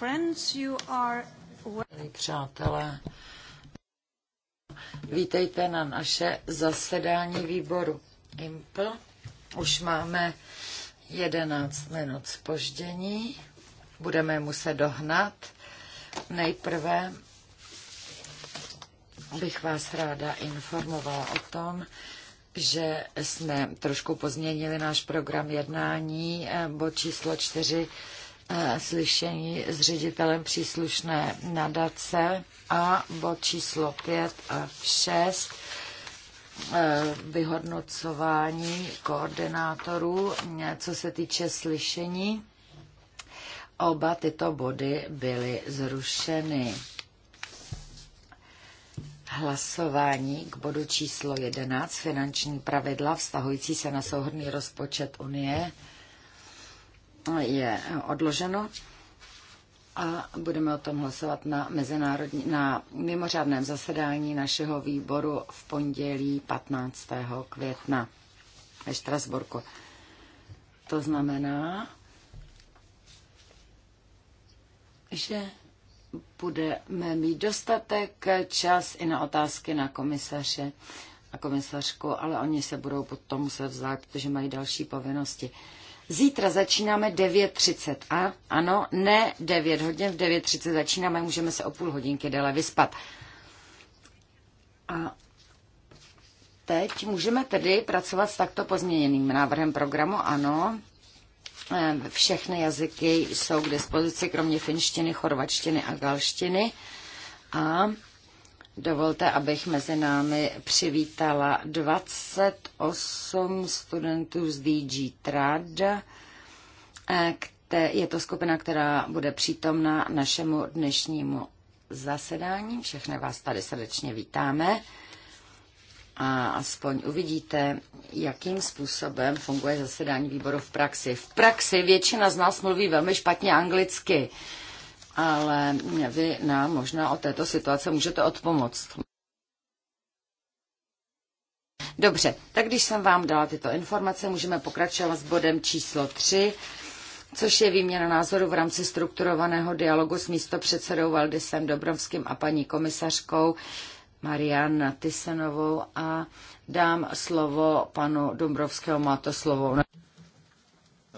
friends, you are... Přátelé, vítejte na naše zasedání výboru IMPL. Už máme 11 minut spoždění. Budeme muset dohnat. Nejprve bych vás ráda informovala o tom, že jsme trošku pozměnili náš program jednání. Eh, bod číslo 4 Eh, slyšení s ředitelem příslušné nadace a bod číslo 5 a 6 eh, vyhodnocování koordinátorů, co se týče slyšení. Oba tyto body byly zrušeny. Hlasování k bodu číslo 11, finanční pravidla vztahující se na souhrný rozpočet Unie je odloženo a budeme o tom hlasovat na, mezinárodní, na mimořádném zasedání našeho výboru v pondělí 15. května ve Štrasburku. To znamená, že budeme mít dostatek čas i na otázky na komisaře a komisařku, ale oni se budou potom muset vzát, protože mají další povinnosti. Zítra začínáme 9.30 a ano, ne 9 hodin, v 9.30 začínáme, můžeme se o půl hodinky déle vyspat. A teď můžeme tedy pracovat s takto pozměněným návrhem programu, ano. Ehm, všechny jazyky jsou k dispozici, kromě finštiny, chorvačtiny a galštiny. A Dovolte, abych mezi námi přivítala 28 studentů z DG Trad. Eh, je to skupina, která bude přítomna našemu dnešnímu zasedání. Všechny vás tady srdečně vítáme a aspoň uvidíte, jakým způsobem funguje zasedání výboru v praxi. V praxi většina z nás mluví velmi špatně anglicky. Uh, ale vy nám možná o této situace můžete odpomoct. Dobře, tak když jsem vám dala tyto informace, můžeme pokračovat s bodem číslo 3, což je výměna názoru v rámci strukturovaného dialogu s místopředsedou Valdisem Dobrovským a paní komisařkou Marian Tysenovou a dám slovo panu Dombrovskému, má to slovo.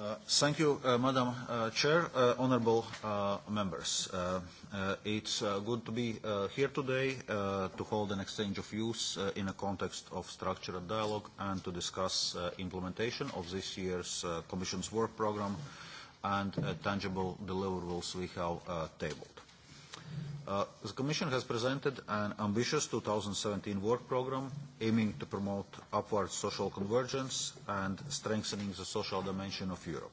Uh, thank you, uh, Madam uh, Chair, uh, honorable uh, members. Uh, uh, it's uh, good to be uh, here today uh, to hold an exchange of views uh, in a context of structured dialogue and to discuss uh, implementation of this year's uh, Commission's work program and uh, tangible deliverables we have uh, tabled. Uh, the Commission has presented an ambitious 2017 work programme aiming to promote upward social convergence and strengthening the social dimension of Europe.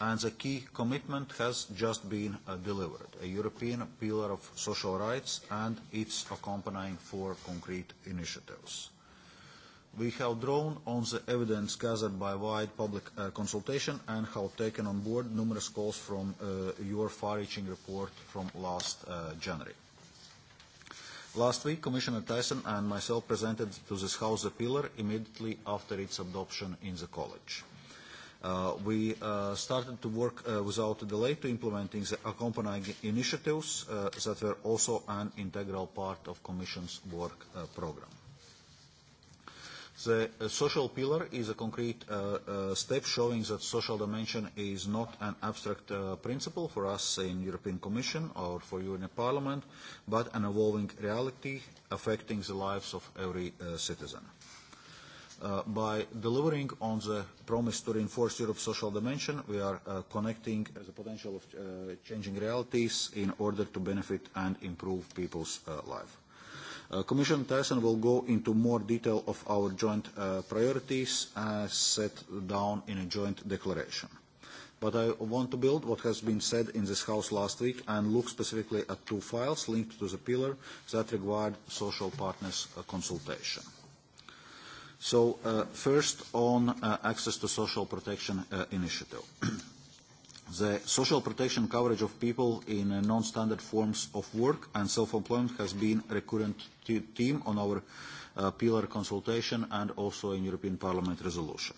And the key commitment has just been uh, delivered, a European pillar of social rights and its accompanying four concrete initiatives. We have drawn on the evidence gathered by wide public uh, consultation and have taken on board numerous calls from uh, your far-reaching report from last uh, January. Last week, Commissioner Tyson and myself presented to this House the pillar immediately after its adoption in the College. Uh, we uh, started to work uh, without a delay to implementing the accompanying initiatives uh, that were also an integral part of Commission's work uh, programme. The uh, social pillar is a concrete uh, uh, step showing that social dimension is not an abstract uh, principle for us in European Commission or for you in Parliament, but an evolving reality affecting the lives of every uh, citizen. Uh, by delivering on the promise to reinforce Europe's social dimension, we are uh, connecting the potential of uh, changing realities in order to benefit and improve people's uh, Uh, Commission Tyson will go into more detail of our joint uh, priorities uh, set down in a joint declaration. But I want to build what has been said in this House last week and look specifically at two files linked to the pillar that required social partners' uh, consultation. So uh, first on uh, access to social protection uh, initiative. The social protection coverage of people in non-standard forms of work and self-employment has been a recurrent theme on our uh, pillar consultation and also in European Parliament resolution.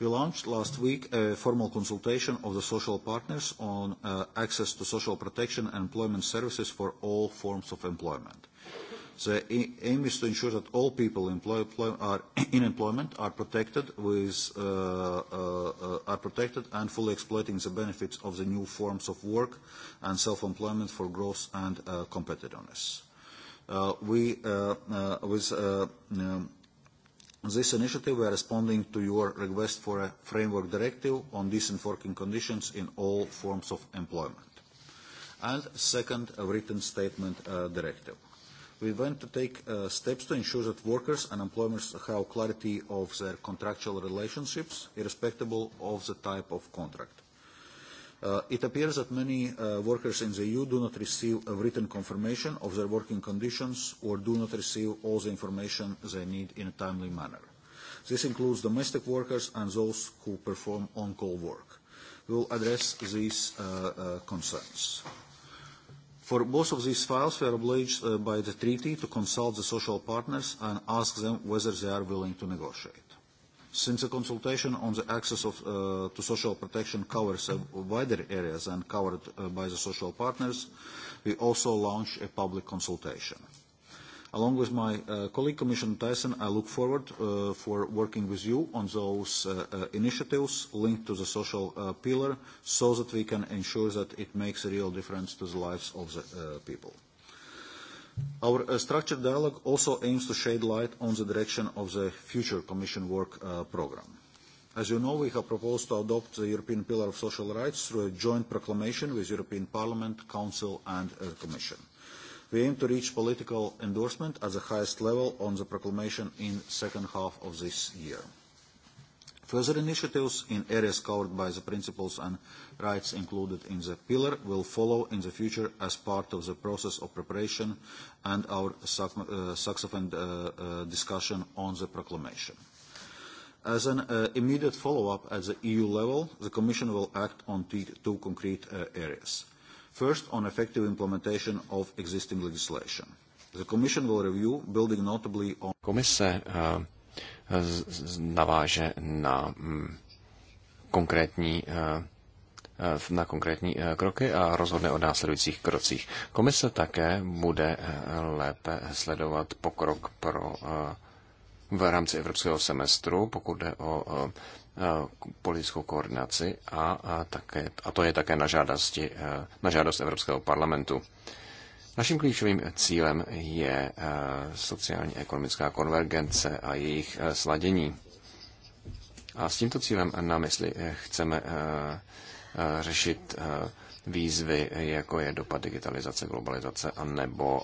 We launched last week a formal consultation of the social partners on uh, access to social protection and employment services for all forms of employment. The aim is to ensure that all people employ, employ, are in employment are protected, with, uh, uh, uh, are protected and fully exploiting the benefits of the new forms of work and self-employment for growth and uh, competitiveness. Uh, we, uh, uh, with uh, um, this initiative, we are responding to your request for a framework directive on decent working conditions in all forms of employment. And second, a written statement uh, directive we want to take uh, steps to ensure that workers and employers have clarity of their contractual relationships, irrespective of the type of contract. Uh, it appears that many uh, workers in the EU do not receive a written confirmation of their working conditions or do not receive all the information they need in a timely manner. This includes domestic workers and those who perform on-call work. We will address these uh, uh concerns. For both of these files, we are obliged uh, by the treaty to consult the social partners and ask them whether they are willing to negotiate. Since the consultation on the access of, uh, to social protection covers a wider area than covered uh, by the social partners, we also launched a public consultation. Along with my uh, colleague, Commissioner Tyson, I look forward uh, for working with you on those uh, uh, initiatives linked to the social uh, pillar so that we can ensure that it makes a real difference to the lives of the uh, people. Our uh, structured dialogue also aims to shed light on the direction of the future Commission work uh, programme. As you know, we have proposed to adopt the European Pillar of Social Rights through a joint proclamation with European Parliament, Council and the uh, Commission. We aim to reach political endorsement at the highest level on the proclamation in the second half of this year. Further initiatives in areas covered by the principles and rights included in the pillar will follow in the future as part of the process of preparation and our subsequent uh, uh, uh, discussion on the proclamation. As an uh, immediate follow-up at the EU level, the Commission will act on two concrete uh, areas. First, on effective implementation of existing legislation. The Commission will review, building notably on... Komise eh, naváže na mm, konkrétní eh, eh, na konkrétní kroky a rozhodne o následujících krocích. Komise také bude lépe sledovat pokrok pro v rámci evropského semestru, pokud jde o Eh, politickou koordinaci a, a, také, a to je také na, žádosti, eh, na žádost Evropského parlamentu. Naším klíčovým cílem je eh, sociální ekonomická konvergence a jejich sladění. A s tímto cílem na mysli chceme řešit výzvy, jako je dopad digitalizace, globalizace a nebo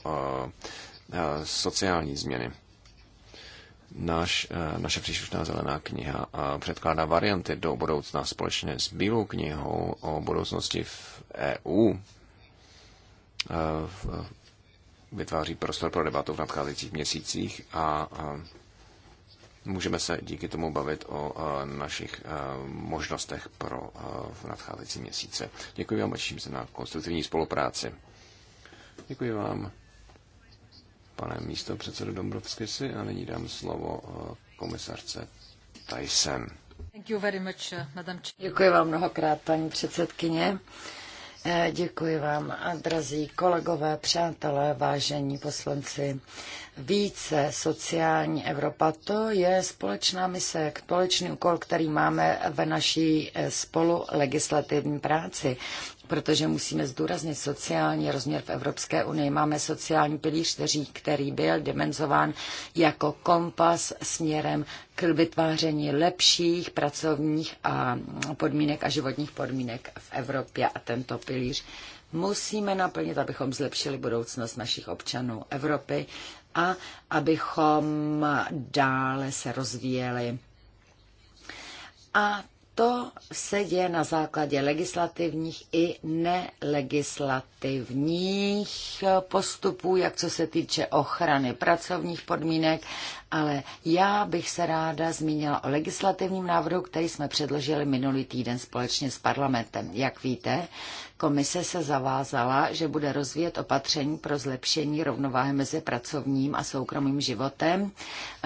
sociální změny. Náš, eh, naše příslušná zelená kniha eh, předkládá varianty do budoucna společně s bílou knihou o budoucnosti v EU. Eh, vytváří prostor pro debatu v nadcházejících měsících a můžeme se díky tomu bavit o našich možnostech pro v nadcházející měsíce. Děkuji vám a těším se na konstruktivní spolupráci. Děkuji vám pane místo předsedo Dombrovsky si a nyní dám slovo eh, komisarce Tyson. Eh, děkuji vám mnohokrát, paní předsedkyně. Eh, děkuji vám, drazí kolegové, přátelé, vážení poslanci. Více sociální Evropa, to je společná mise, společný úkol, který máme ve naší spolu legislativní práci protože musíme zdůraznit sociální rozměr v Evropské unii. Máme sociální pilíř, který, který byl dimenzován jako kompas směrem k vytváření lepších pracovních a podmínek a životních podmínek v Evropě a tento pilíř musíme naplnit, abychom zlepšili budoucnost našich občanů Evropy a abychom dále se rozvíjeli. A to se děje na základě legislativních i nelegislativních postupů, jak co se týče ochrany pracovních podmínek ale já bych se ráda zmínila o legislativním návrhu, který jsme předložili minulý týden společně s parlamentem. Jak víte, komise se zavázala, že bude rozvíjet opatření pro zlepšení rovnováhy mezi pracovním a soukromým životem.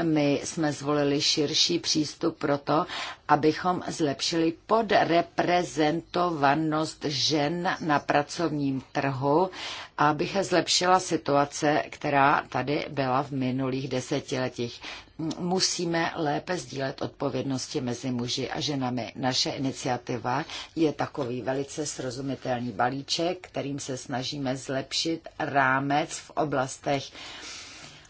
My jsme zvolili širší přístup proto, abychom zlepšili podreprezentovanost žen na pracovním trhu, a abych zlepšila situace, která tady byla v minulých desetiletích zemích musíme lépe sdílet odpovědnosti mezi muži a ženami. Naše iniciativa je takový velice srozumitelný balíček, kterým se snažíme zlepšit rámec v oblastech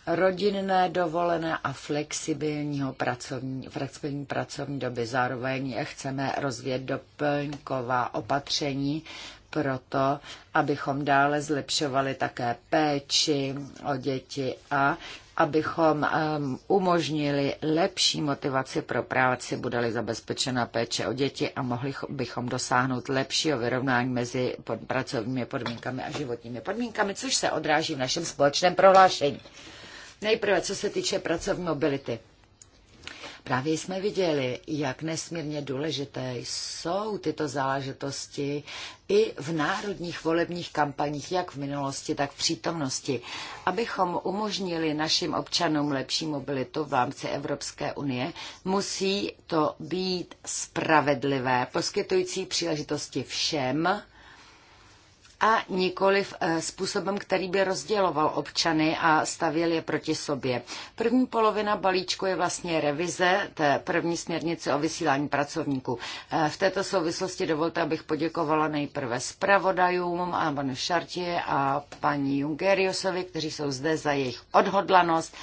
rodinné dovolené a flexibilního pracovní, flexibilní pracovní doby. Zároveň chceme rozvíjet doplňková opatření proto, abychom dále zlepšovali také péči o děti a abychom umožnili lepší motivaci pro práci, bude-li zabezpečena péče o děti a mohli bychom dosáhnout lepšího vyrovnání mezi pod pracovními podmínkami a životními podmínkami, což se odráží v našem společném prohlášení. Nejprve, co se týče pracovní mobility. Právě jsme viděli, jak nesmírně důležité jsou tyto záležitosti i v národních volebních kampaních, jak v minulosti, tak v přítomnosti, abychom umožnili našim občanům lepší mobilitu v rámci Evropské unie, musí to být spravedlivé, poskytující příležitosti všem, a nikoli eh, způsobem, který by rozděloval občany a stavěl je proti sobě. První polovina balíčku je vlastně revize té první směrnice o vysílání pracovníků. Eh, v této souvislosti dovolte, abych poděkovala nejprve zpravodajům a panu Šartě a paní Jungeriusovi, kteří jsou zde za jejich odhodlanost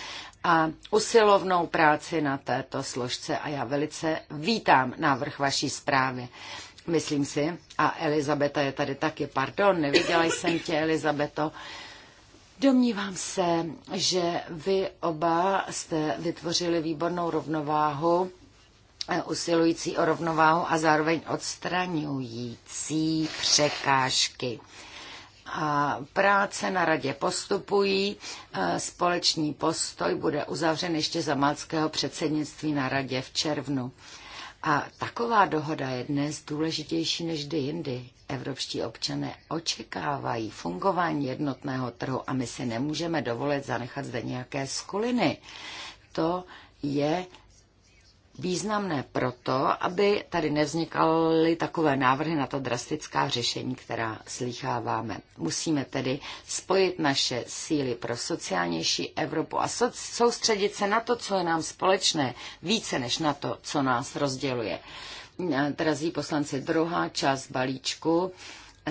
a usilovnou práci na této složce a já velice vítám návrh vaší zprávy. Myslím si, a Elizabeta je tady taky, pardon, neviděla jsem tě, Elizabeto. Domnívám se, že vy oba jste vytvořili výbornou rovnováhu, eh, usilující o rovnováhu a zároveň odstraňující překážky. A práce na radě postupují, eh, společný postoj bude uzavřen ještě za malckého předsednictví na radě v červnu. A taková dohoda je dnes důležitější než kdy jindy. Evropští občané očekávají fungování jednotného trhu a my si nemůžeme dovolit zanechat zde nějaké skuliny. To je významné proto, aby tady nevznikaly takové návrhy na to drastická řešení, která slýcháváme. Musíme tedy spojit naše síly pro sociálnější Evropu a so- soustředit se na to, co je nám společné, více než na to, co nás rozděluje. Drazí poslanci, druhá část balíčku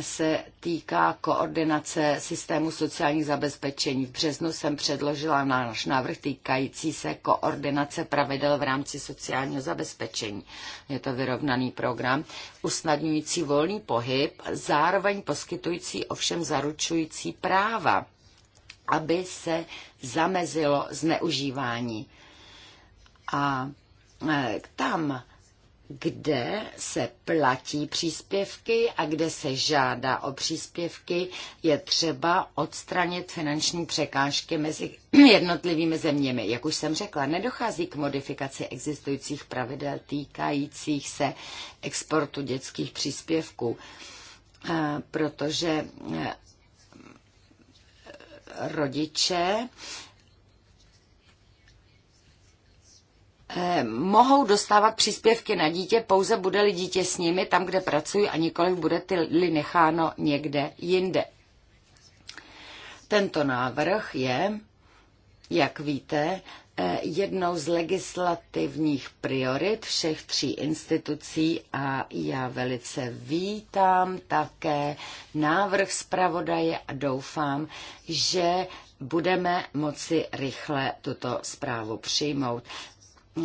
se týká koordinace systému sociálních zabezpečení. V březnu jsem předložila náš návrh týkající se koordinace pravidel v rámci sociálního zabezpečení. Je to vyrovnaný program, usnadňující volný pohyb, zároveň poskytující ovšem zaručující práva, aby se zamezilo zneužívání. A e, tam kde se platí příspěvky a kde se žádá o příspěvky, je třeba odstranit finanční překážky mezi jednotlivými zeměmi. Jak už jsem řekla, nedochází k modifikaci existujících pravidel týkajících se exportu dětských příspěvků, eh, protože eh, rodiče mohou dostávat příspěvky na dítě, pouze bude-li dítě s nimi tam, kde pracují a nikoliv bude-li necháno někde jinde. Tento návrh je, jak víte, eh, jednou z legislativních priorit všech tří institucí a já velice vítám také návrh zpravodaje a doufám, že budeme moci rychle tuto zprávu přijmout.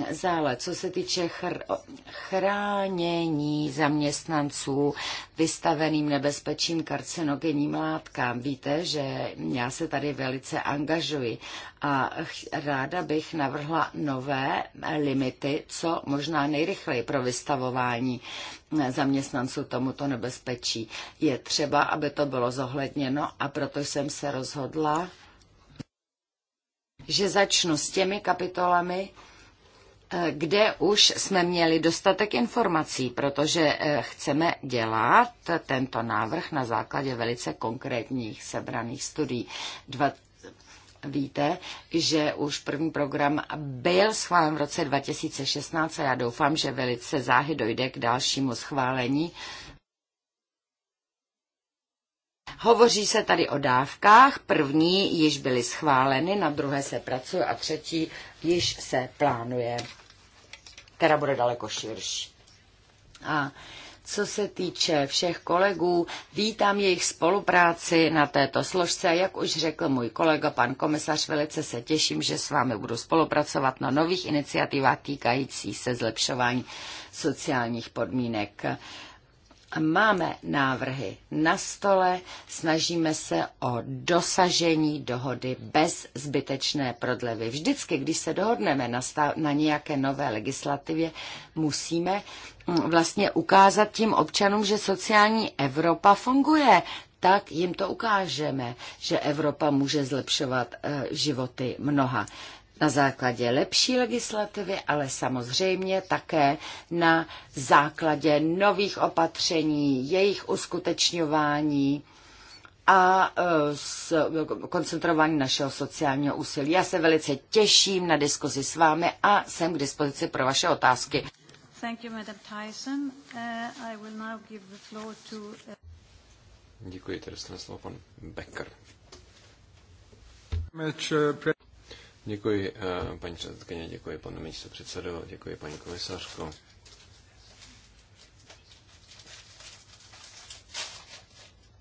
Zále, co se týče chr- chránění zaměstnanců vystaveným nebezpečím karcinogenním látkám. Víte, že já se tady velice angažuji a ráda bych navrhla nové limity, co možná nejrychleji pro vystavování zaměstnanců tomuto nebezpečí. Je třeba, aby to bylo zohledněno a proto jsem se rozhodla, že začnu s těmi kapitolami, Eh, kde už jsme měli dostatek informací, protože eh, chceme dělat tento návrh na základě velice konkrétních sebraných studií. Dva, víte, že už první program byl schválen v roce 2016 a já doufám, že velice záhy dojde k dalšímu schválení. Hovoří se tady o dávkách, první již byly schváleny, na druhé se pracuje a třetí již se plánuje která bude daleko širší. A co se týče všech kolegů, vítám jejich spolupráci na této složce. Jak už řekl můj kolega, pan komisař, velice se těším, že s vámi budu spolupracovat na nových iniciativách týkající se zlepšování sociálních podmínek Máme návrhy na stole, snažíme se o dosažení dohody bez zbytečné prodlevy. Vždycky, když se dohodneme na, stav, na nějaké nové legislativě, musíme mm, vlastně ukázat tím občanům, že sociální Evropa funguje. Tak jim to ukážeme, že Evropa může zlepšovat eh, životy mnoha na základě lepší legislativy, ale samozřejmě také na základě nových opatření, jejich uskutečňování a e, s koncentrování našeho sociálního úsilí. Já se velice těším na diskuzi s vámi a jsem k dispozici pro vaše otázky. Thank you, Madam uh, uh, Děkuji, tedy slovo pan Becker. Děkuji, eh, paní předsedkyně, děkuji, pane místopředsedo, děkuji, paní komisařko.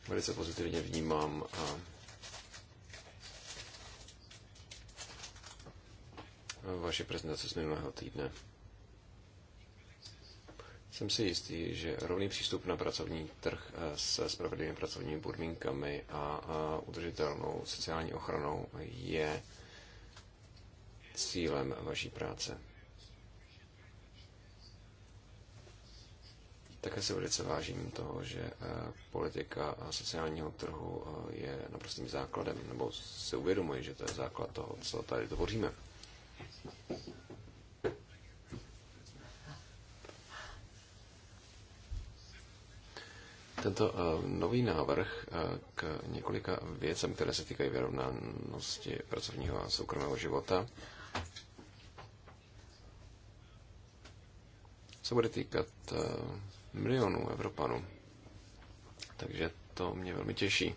Velice pozitivně vnímám a eh, vaše prezentace z minulého týdne. Jsem si jistý, že rovný přístup na pracovní trh eh, se spravedlivými pracovními podmínkami a udržitelnou sociální ochranou je cílem vaší práce. Také se velice vážím toho, že eh, politika sociálního trhu eh, je naprostým základem, nebo se uvědomuji, že to je základ toho, co tady tvoříme. Tento eh, nový návrh k několika věcem, které se týkají vyrovnanosti pracovního a soukromého života, se bude týkat eh, milionů Evropanů. Takže to mě velmi těší.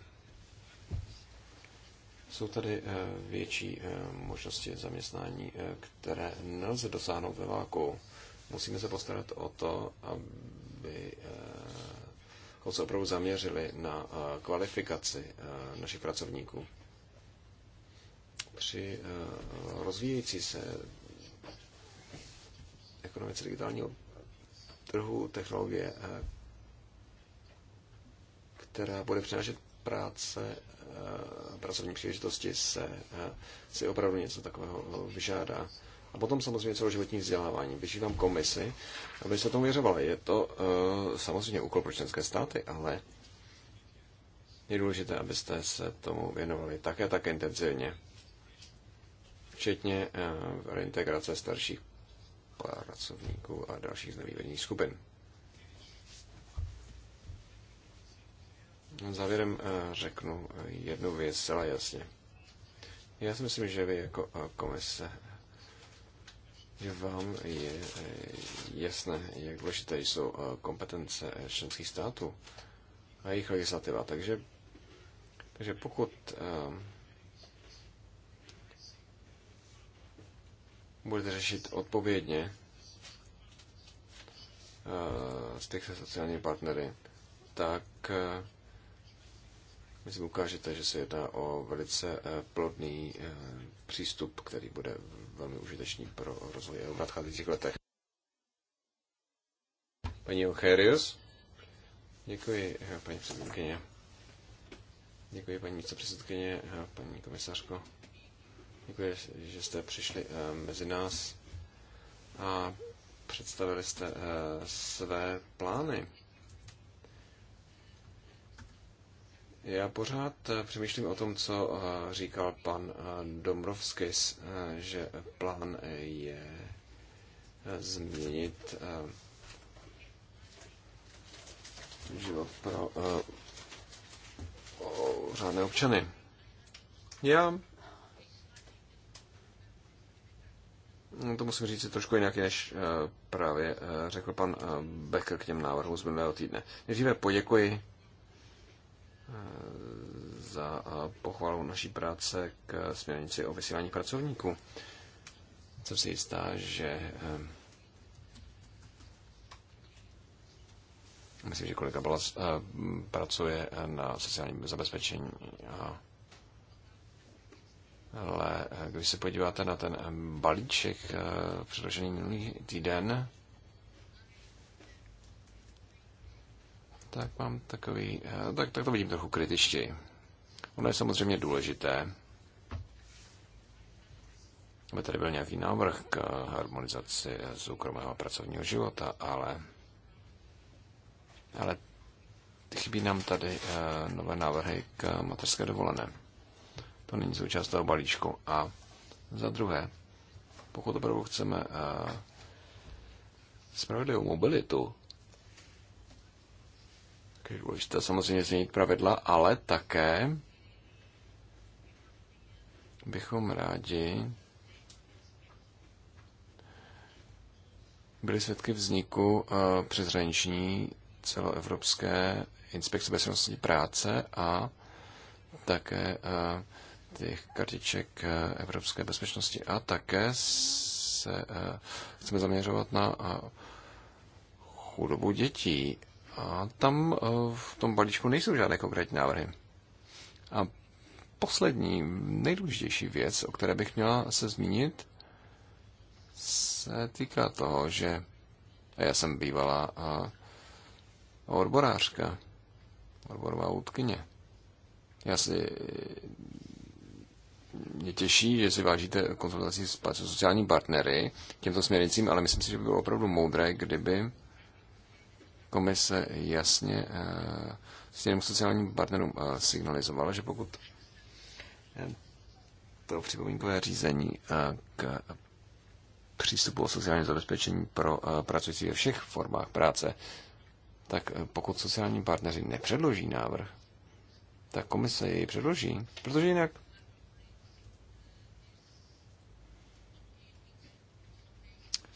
Jsou tady eh, větší eh, možnosti zaměstnání, které nelze dosáhnout ve váku. Musíme se postarat o to, aby se opravdu zaměřili na kvalifikaci našich pracovníků. Při rozvíjející se ekonomice digitálního trhu technologie, eh, která bude přinášet práce, eh, pracovní příležitosti, se, eh, si opravdu něco takového vyžádá. A potom samozřejmě celoživotní vzdělávání. Vyžívám komisi, aby se tomu věřovala. Je to samozřejmě úkol pro členské státy, ale je důležité, abyste se tomu věnovali také tak intenzivně, včetně reintegrace starších pracovníků a dalších znevýhodněných skupin. Závěrem eh, řeknu eh, jednu věc zcela jasně. Já si myslím, že vy jako eh, komise, že vám je jasné, jak důležité jsou kompetence členských států a jejich legislativa. Takže, takže pokud budete řešit odpovědně z těch eh, se sociálními partnery, tak eh, myslím ukážete, že se jedná o velice eh, plodný přístup, který bude velmi užitečný pro rozvoj v nadcházejících letech. Paní Ocherius. Děkuji, paní předsedkyně. Děkuji, paní místopředsedkyně, paní komisařko. Děkuji, že jste přišli eh, mezi nás a představili jste eh, své plány. Já pořád eh, přemýšlím o tom, co říkal pan Domrovskis, že plán je změnit život pro řádné občany. Já to musím říct trošku jinak, než eh, právě eh, řekl pan eh, Becker k těm návrhům z minulého týdne. Nejdříve poděkuji za pochvalu naší práce k směrnici o vysílání pracovníků. Co si jistá, že myslím, že kolega Balas pracuje na sociálním zabezpečení a ale eh, když se podíváte na ten eh, balíček eh, předložený minulý týden, tak mám takový, tak, tak to vidím trochu kritičtěji. Ono je samozřejmě důležité, aby tady byl nějaký návrh k harmonizaci soukromého a pracovního života, ale, ale chybí nám tady nové návrhy k mateřské dovolené. To není součást toho balíčku. A za druhé, pokud opravdu chceme eh, spravedlivou mobilitu, je důležité samozřejmě změnit pravidla, ale také bychom rádi byli svědky vzniku eh, přeshraniční celoevropské inspekce bezpečnosti práce a také eh, těch kartiček eh, evropské bezpečnosti a také se eh, chceme zaměřovat na eh, chudobu dětí. A tam v tom balíčku nejsou žádné konkrétní návrhy. A poslední, nejdůležitější věc, o které bych měla se zmínit, se týká toho, že já jsem bývala odborářka, odborová útkyně. Já si mě těší, že si vážíte konzultací s sociální partnery těmto směrnicím, ale myslím si, že by bylo opravdu moudré, kdyby komise jasně eh, s těm sociálním partnerům eh, signalizovala, že pokud eh, to připomínkové řízení k přístupu o sociální zabezpečení pro pracující ve všech formách práce, tak pokud sociální partneři nepředloží návrh, tak komise jej předloží, protože jinak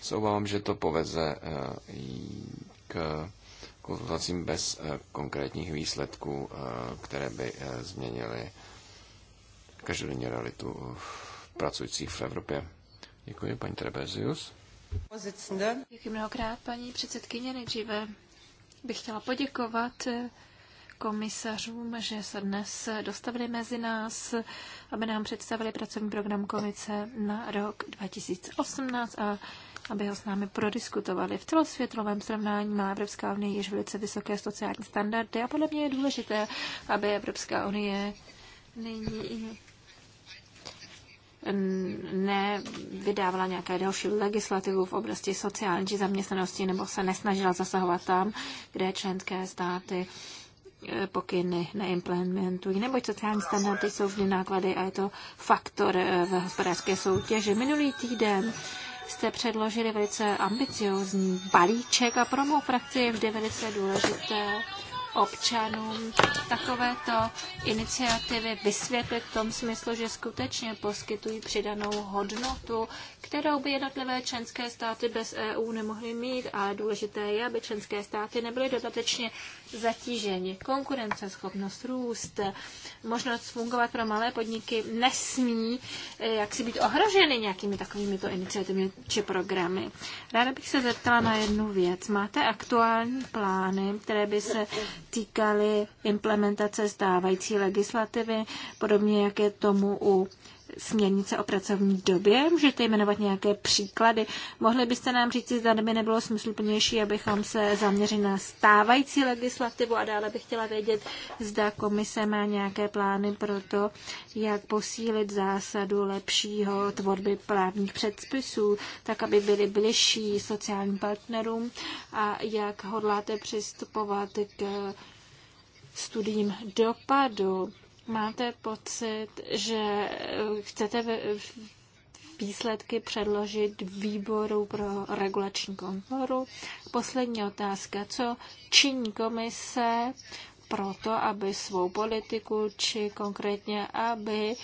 se obávám, že to poveze eh, k konzultacím bez eh, konkrétních výsledků, eh, které by změnily každodenní realitu pracujících v Evropě. Děkuji, paní Trebezius. Děkuji mnohokrát, paní předsedkyně. Nejdříve bych chtěla poděkovat komisařům, že se dnes dostavili mezi nás, aby nám představili pracovní program komice na rok 2018 a aby ho s námi prodiskutovali. V celosvětovém srovnání má Evropská unie již velice vysoké sociální standardy a podle mě je důležité, aby Evropská unie nyní nevydávala nějaké další legislativu v oblasti sociální či zaměstnanosti nebo se nesnažila zasahovat tam, kde členské státy eh, pokyny neimplementují, neboť sociální standardy jsou vždy náklady a je to faktor eh, v hospodářské soutěži. Minulý týden jste předložili velice ambiciozní balíček a pro mou frakci je vždy velice důležité, občanům takovéto iniciativy vysvětlit v tom smyslu, že skutečně poskytují přidanou hodnotu, kterou by jednotlivé členské státy bez EU nemohly mít, ale důležité je, aby členské státy nebyly dodatečně zatíženi. Konkurenceschopnost, růst, možnost fungovat pro malé podniky nesmí eh, jak si být ohroženy nějakými takovými to iniciativami či programy. Ráda bych se zeptala na jednu věc. Máte aktuální plány, které by se týkaly implementace stávající legislativy, podobně jak je tomu u směrnice o pracovní době? Můžete jmenovat nějaké příklady? Mohli byste nám říct, zda by nebylo smysluplnější, abychom se zaměřili na stávající legislativu a dále bych chtěla vědět, zda komise má nějaké plány pro to, jak posílit zásadu lepšího tvorby právních předpisů, tak aby byly bližší sociálním partnerům a jak hodláte přistupovat k studiím dopadu Máte pocit, že eh, chcete výsledky předložit výboru pro regulační kontrolu? Poslední otázka. Co činí komise proto, aby svou politiku, či konkrétně, aby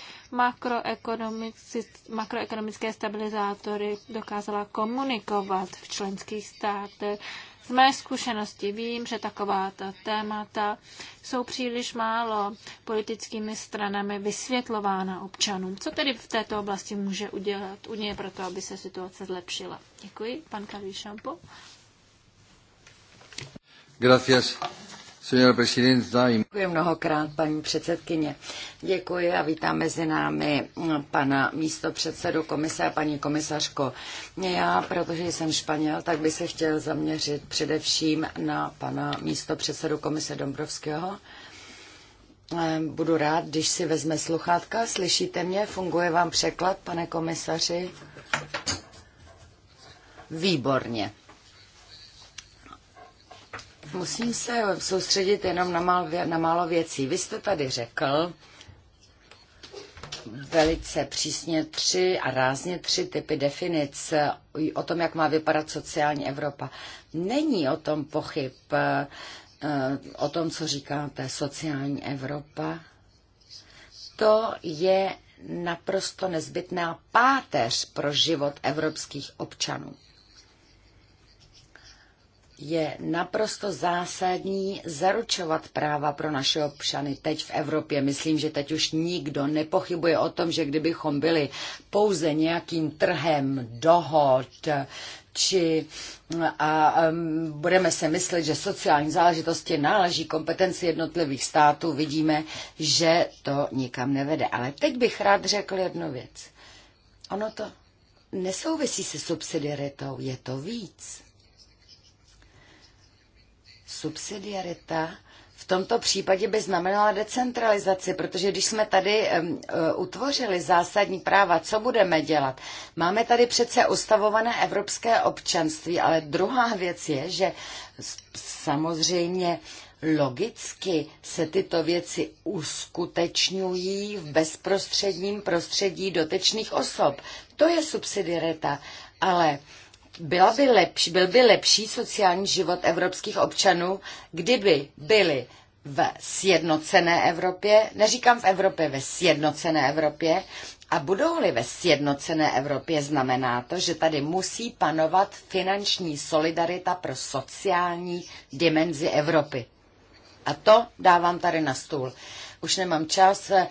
makroekonomické stabilizátory dokázala komunikovat v členských státech, z mé zkušenosti vím, že taková ta témata jsou příliš málo politickými stranami vysvětlována občanům. Co tedy v této oblasti může udělat Unie pro to, aby se situace zlepšila? Děkuji. Pan Kalví Gracias. Děkuji mnohokrát, paní předsedkyně. Děkuji a vítám mezi námi pana místopředsedu komise a paní komisařko. Já, protože jsem Španěl, tak bych se chtěl zaměřit především na pana místopředsedu komise Dombrovského. Ehm, budu rád, když si vezme sluchátka. Slyšíte mě? Funguje vám překlad, pane komisaři? Výborně. Musím se soustředit jenom na, mal, na málo věcí. Vy jste tady řekl velice přísně tři a rázně tři typy definic o tom, jak má vypadat sociální Evropa. Není o tom pochyb, eh, eh, o tom, co říkáte, sociální Evropa. To je naprosto nezbytná páteř pro život evropských občanů je naprosto zásadní zaručovat práva pro naše občany teď v Evropě. Myslím, že teď už nikdo nepochybuje o tom, že kdybychom byli pouze nějakým trhem dohod, či a um, budeme se myslet, že sociální záležitosti náleží kompetenci jednotlivých států, vidíme, že to nikam nevede. Ale teď bych rád řekl jednu věc. Ono to nesouvisí se subsidiaritou, je to víc. Subsidiarita v tomto případě by znamenala decentralizaci, protože když jsme tady e, utvořili zásadní práva, co budeme dělat? Máme tady přece ustavované evropské občanství, ale druhá věc je, že samozřejmě logicky se tyto věci uskutečňují v bezprostředním prostředí dotečných osob. To je subsidiarita, ale byla by lepší, byl by lepší sociální život evropských občanů, kdyby byli v sjednocené Evropě, neříkám v Evropě, ve sjednocené Evropě, a budou-li ve sjednocené Evropě, znamená to, že tady musí panovat finanční solidarita pro sociální dimenzi Evropy. A to dávám tady na stůl už nemám čas. Eh,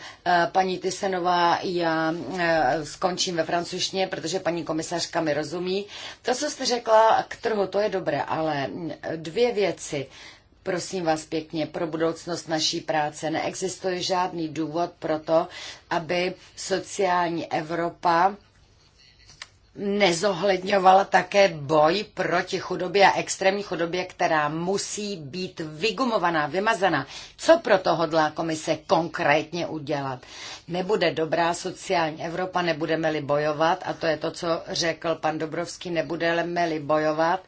paní Tysenová, já eh, skončím ve francouzštině, protože paní komisařka mi rozumí. To, co jste řekla k trhu, to je dobré, ale mm, dvě věci. Prosím vás pěkně, pro budoucnost naší práce neexistuje žádný důvod pro to, aby sociální Evropa nezohledňovala také boj proti chudobě a extrémní chudobě, která musí být vygumovaná, vymazaná. Co pro to hodlá komise konkrétně udělat? Nebude dobrá sociální Evropa, nebudeme-li bojovat, a to je to, co řekl pan Dobrovský, nebudeme-li bojovat,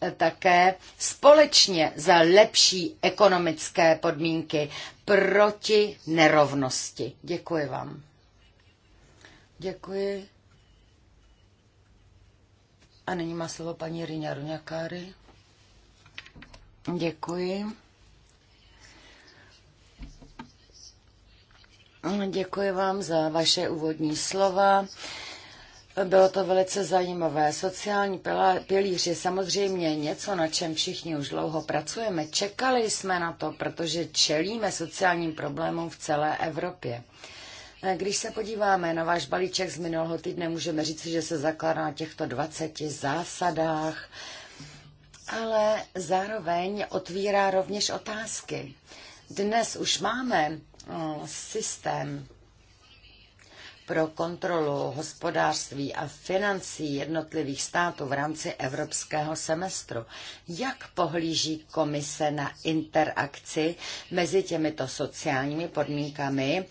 eh, také společně za lepší ekonomické podmínky proti nerovnosti. Děkuji vám. Děkuji. A nyní má slovo paní Rýňa Ruňakáry. Děkuji. Děkuji vám za vaše úvodní slova. Bylo to velice zajímavé. Sociální pilíř je samozřejmě něco, na čem všichni už dlouho pracujeme. Čekali jsme na to, protože čelíme sociálním problémům v celé Evropě. Eh, když se podíváme na váš balíček z minulého týdne, můžeme říct, že se zakládá na těchto 20 zásadách, ale zároveň otvírá rovněž otázky. Dnes už máme eh, systém pro kontrolu hospodářství a financí jednotlivých států v rámci evropského semestru. Jak pohlíží komise na interakci mezi těmito sociálními podmínkami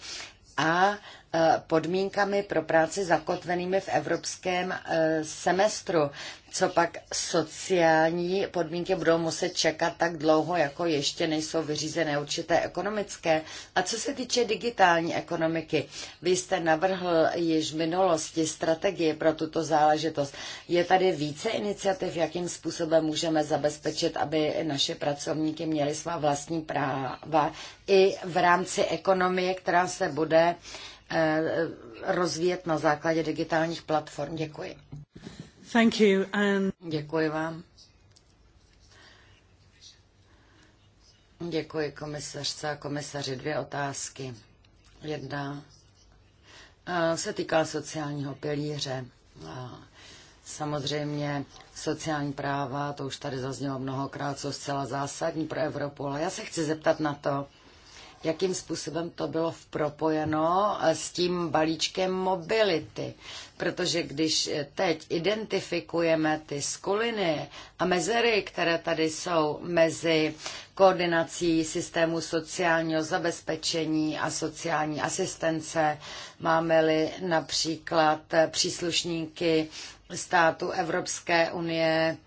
a Eh, podmínkami pro práci zakotvenými v evropském eh, semestru. Co pak sociální podmínky budou muset čekat tak dlouho, jako ještě nejsou vyřízené určité ekonomické. A co se týče digitální ekonomiky, vy jste navrhl již v minulosti strategie pro tuto záležitost. Je tady více iniciativ, jakým způsobem můžeme zabezpečit, aby naše pracovníky měli svá vlastní práva i v rámci ekonomie, která se bude Eh, rozvíjet na základě digitálních platform. Děkuji. Thank you. and... Děkuji vám. Děkuji komisařce a komisaři. Dvě otázky. Jedna eh, se týká sociálního pilíře. Samozřejmě sociální práva, to už tady zaznělo mnohokrát, jsou zcela zásadní pro Evropu, ale já se chci zeptat na to, jakým způsobem to bylo propojeno eh, s tím balíčkem mobility. Protože když eh, teď identifikujeme ty skuliny a mezery, které tady jsou mezi koordinací systému sociálního zabezpečení a sociální asistence, máme-li například eh, příslušníky státu Evropské unie,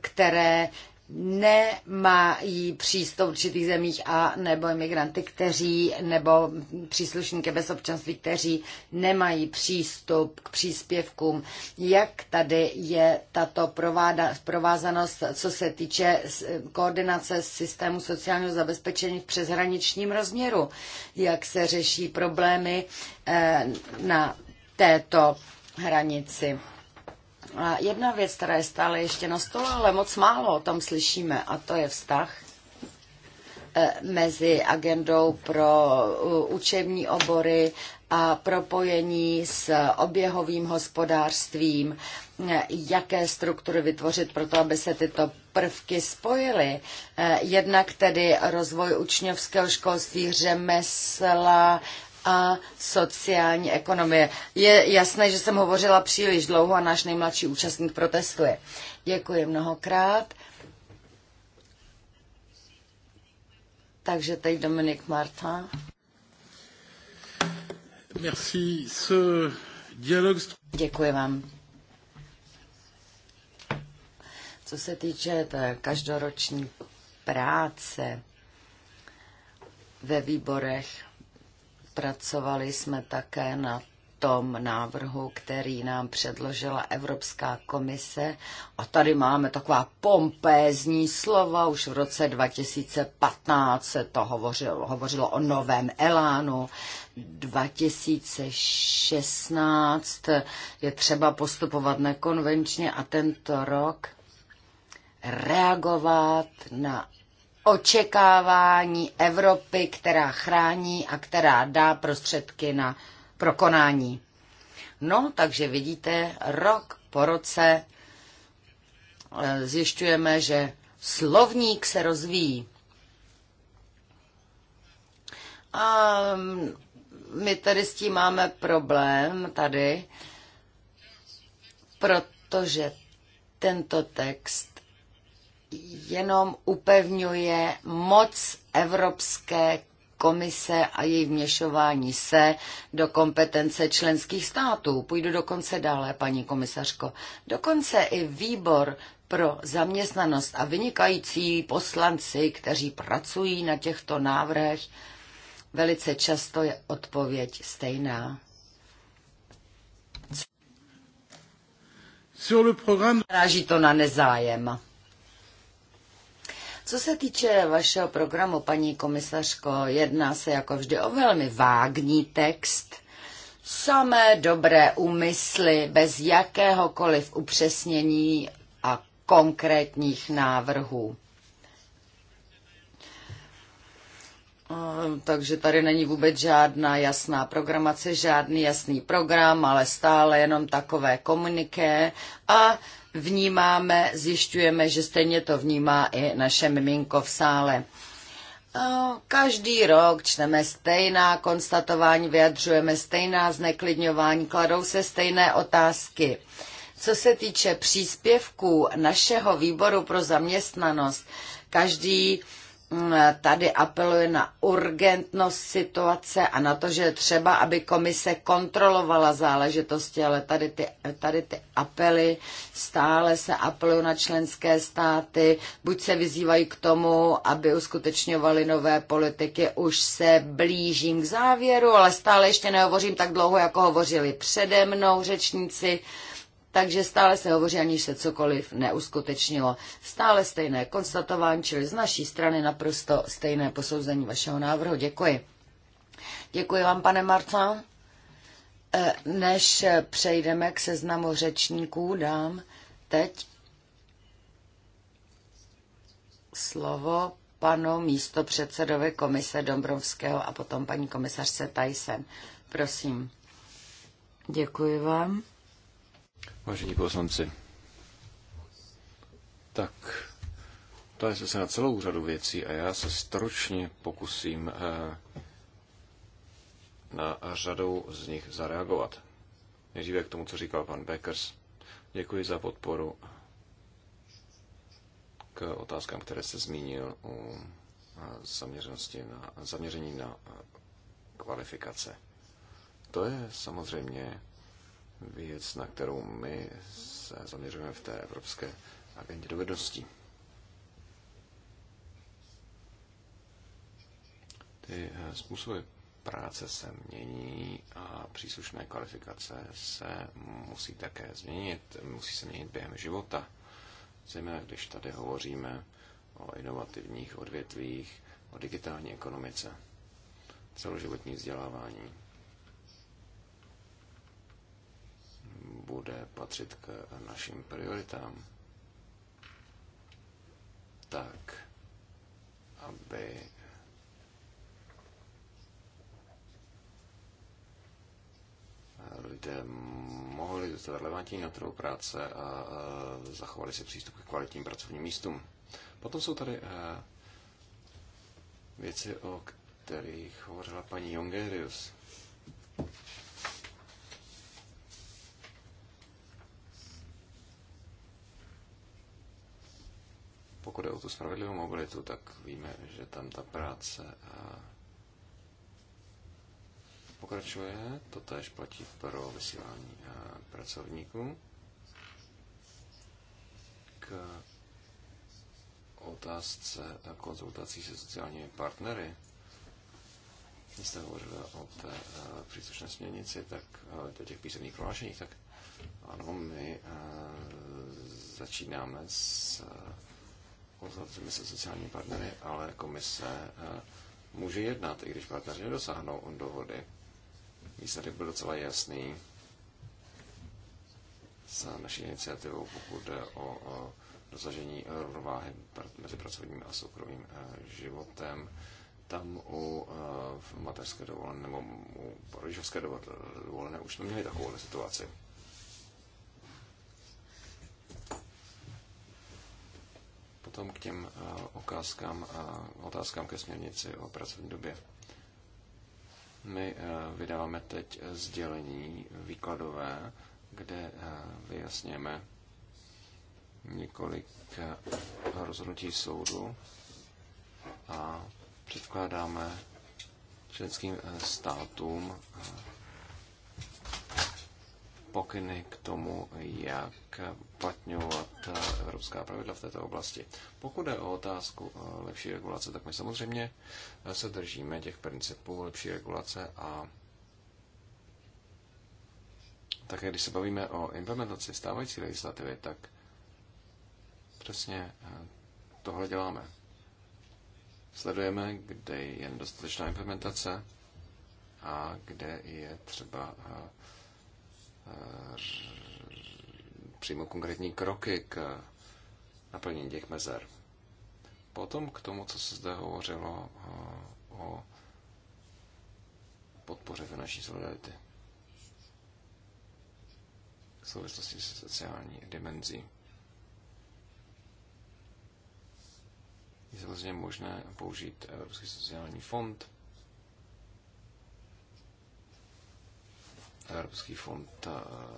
které nemají přístup v určitých zemích a nebo imigranty, kteří, nebo příslušníky bez občanství, kteří nemají přístup k příspěvkům. Jak tady je tato provázanost, co se týče koordinace systému sociálního zabezpečení v přeshraničním rozměru? Jak se řeší problémy eh, na této hranici? Jedna věc, která je stále ještě na stole, ale moc málo o tom slyšíme, a to je vztah eh, mezi agendou pro učební obory a propojení s oběhovým hospodářstvím, eh, jaké struktury vytvořit pro to, aby se tyto prvky spojily. Eh, jednak tedy rozvoj učňovského školství, řemesla, a sociální ekonomie. Je jasné, že jsem hovořila příliš dlouho a náš nejmladší účastník protestuje. Děkuji mnohokrát. Takže teď Dominik Martin. Merci. Ce dialogue... Děkuji vám. Co se týče té každoroční práce ve výborech Pracovali jsme také na tom návrhu, který nám předložila Evropská komise. A tady máme taková pompézní slova. Už v roce 2015 se to hovořilo, hovořilo o novém elánu. 2016 je třeba postupovat nekonvenčně a tento rok reagovat na očekávání Evropy, která chrání a která dá prostředky na prokonání. No, takže vidíte, rok po roce eh, zjišťujeme, že slovník se rozvíjí. A mm, my tady s tím máme problém tady, protože tento text jenom upevňuje moc Evropské komise a její vměšování se do kompetence členských států. Půjdu dokonce dále, paní komisařko. Dokonce i výbor pro zaměstnanost a vynikající poslanci, kteří pracují na těchto návrhech, velice často je odpověď stejná. Sur le programme... Ráží to na nezájem. Co se týče vašeho programu, paní komisařko, jedná se jako vždy o velmi vágní text, samé dobré úmysly bez jakéhokoliv upřesnění a konkrétních návrhů. Takže tady není vůbec žádná jasná programace, žádný jasný program, ale stále jenom takové komuniké a vnímáme, zjišťujeme, že stejně to vnímá i naše miminko v sále. Každý rok čteme stejná konstatování, vyjadřujeme stejná zneklidňování, kladou se stejné otázky. Co se týče příspěvků našeho výboru pro zaměstnanost, každý tady apeluje na urgentnost situace a na to, že třeba, aby komise kontrolovala záležitosti, ale tady ty, tady ty apely stále se apelují na členské státy, buď se vyzývají k tomu, aby uskutečňovali nové politiky, už se blížím k závěru, ale stále ještě nehovořím tak dlouho, jako hovořili přede mnou řečníci. Uh, takže stále se hovoří, aniž se cokoliv neuskutečnilo. Stále stejné konstatování, čili z naší strany naprosto stejné posouzení vašeho návrhu. Děkuji. Děkuji vám, pane Marca. E, než přejdeme k seznamu řečníků, dám teď slovo panu místopředsedovi komise Dombrovského a potom paní komisařce Tyson. Prosím. Děkuji vám. Vážení poslanci, tak ptali jste se na celou řadu věcí a já se stručně pokusím eh, na řadou z nich zareagovat. Nejdříve k tomu, co říkal pan Beckers. Děkuji za podporu k otázkám, které se zmínil u eh, zaměřenosti na, zaměření na eh, kvalifikace. To je samozřejmě věc, na kterou my se zaměřujeme v té evropské agendě dovedností. Ty eh, způsoby práce se mění a příslušné kvalifikace se musí také změnit, musí se měnit během života. Zejména když tady hovoříme o inovativních odvětvích, o digitální ekonomice, celoživotní vzdělávání bude patřit k našim prioritám, tak aby lidé mohli zůstat relevantní na trhu práce a zachovali si přístup k kvalitním pracovním místům. Potom jsou tady eh, věci, o kterých hovořila paní Jongerius. o tu spravedlivou mobilitu, tak víme, že tam ta práce pokračuje. To tež platí pro vysílání pracovníků. K otázce konzultací se sociálními partnery, vy jste hovořili o té příslušné směrnici, tak o těch písemných prohlášeních, tak ano, my začínáme s konzultacemi se sociálními partnery, ale komise eh, může jednat, i když partneři nedosáhnou on dohody. Výsledek byl docela jasný s naší iniciativou, pokud jde o, o dosažení rovnováhy mezi pracovním a soukromým eh, životem. Tam u eh, v mateřské dovolené nebo u rodičovské dovolené už jsme měli takovou situaci. potom k těm okázkám, eh, otázkám ke směrnici o pracovní době. My eh, vydáváme teď sdělení výkladové, kde eh, vyjasněme několik rozhodnutí soudu a předkládáme členským státům pokyny k tomu, jak uplatňovat evropská pravidla v této oblasti. Pokud je o otázku eh, lepší regulace, tak my samozřejmě eh, se držíme těch principů lepší regulace a také když se bavíme o implementaci stávající legislativy, tak přesně eh, tohle děláme. Sledujeme, kde je nedostatečná implementace a kde je třeba Eh, přijmout konkrétní kroky k naplnění těch mezer. Potom k tomu, co se zde hovořilo eh, o podpoře finanční solidarity v souvislosti se sociální dimenzí. Je samozřejmě možné použít Evropský sociální fond Evropský fond eh,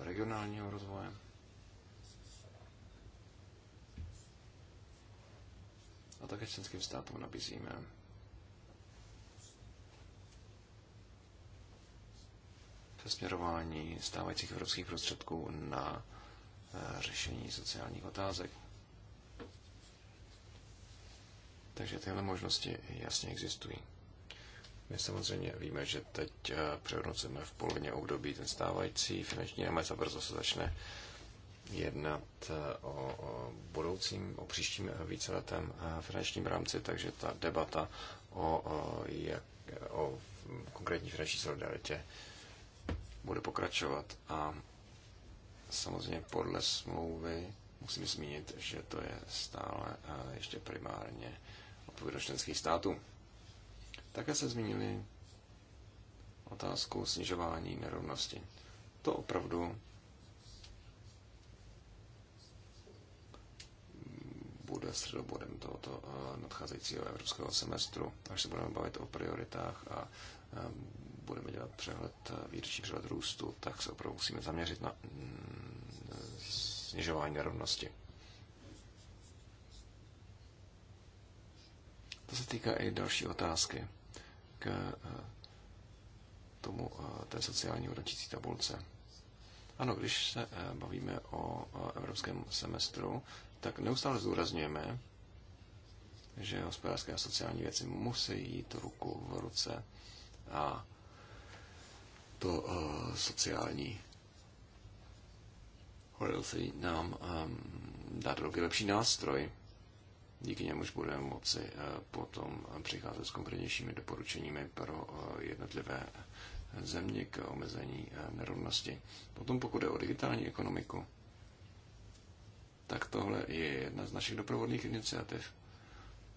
regionálního rozvoje. A také členským státům nabízíme přesměrování stávajících evropských prostředků na eh, řešení sociálních otázek. Takže tyhle možnosti jasně existují. My samozřejmě víme, že teď eh, přehodnocujeme v polovině období ten stávající finanční rámec a brzo se začne jednat eh, o, budoucím, o příštím víceletém eh, finančním rámci, takže ta debata o, jak, o konkrétní finanční solidaritě bude pokračovat a samozřejmě podle smlouvy musím zmínit, že to je stále ještě primárně odpovědnost členských států. Také se zmínili otázku snižování nerovnosti. To opravdu bude středobodem tohoto eh, nadcházejícího evropského semestru, až se budeme bavit o prioritách a eh, budeme dělat přehled, eh, výročí přehled růstu, tak se opravdu musíme zaměřit na mm, snižování nerovnosti. To se týká i další otázky k eh, tomu eh, té sociální hodnotící tabulce. Ano, když se eh, bavíme o evropském semestru, tak neustále zdůrazňujeme, že hospodářské a sociální věci musí jít ruku v ruce a to uh, sociální hodil se nám um, dát ruky lepší nástroj Díky němuž budeme moci eh, potom přicházet s konkrétnějšími doporučeními pro eh, jednotlivé země k omezení eh, nerovnosti. Potom pokud jde o digitální ekonomiku, tak tohle je jedna z našich doprovodných iniciativ.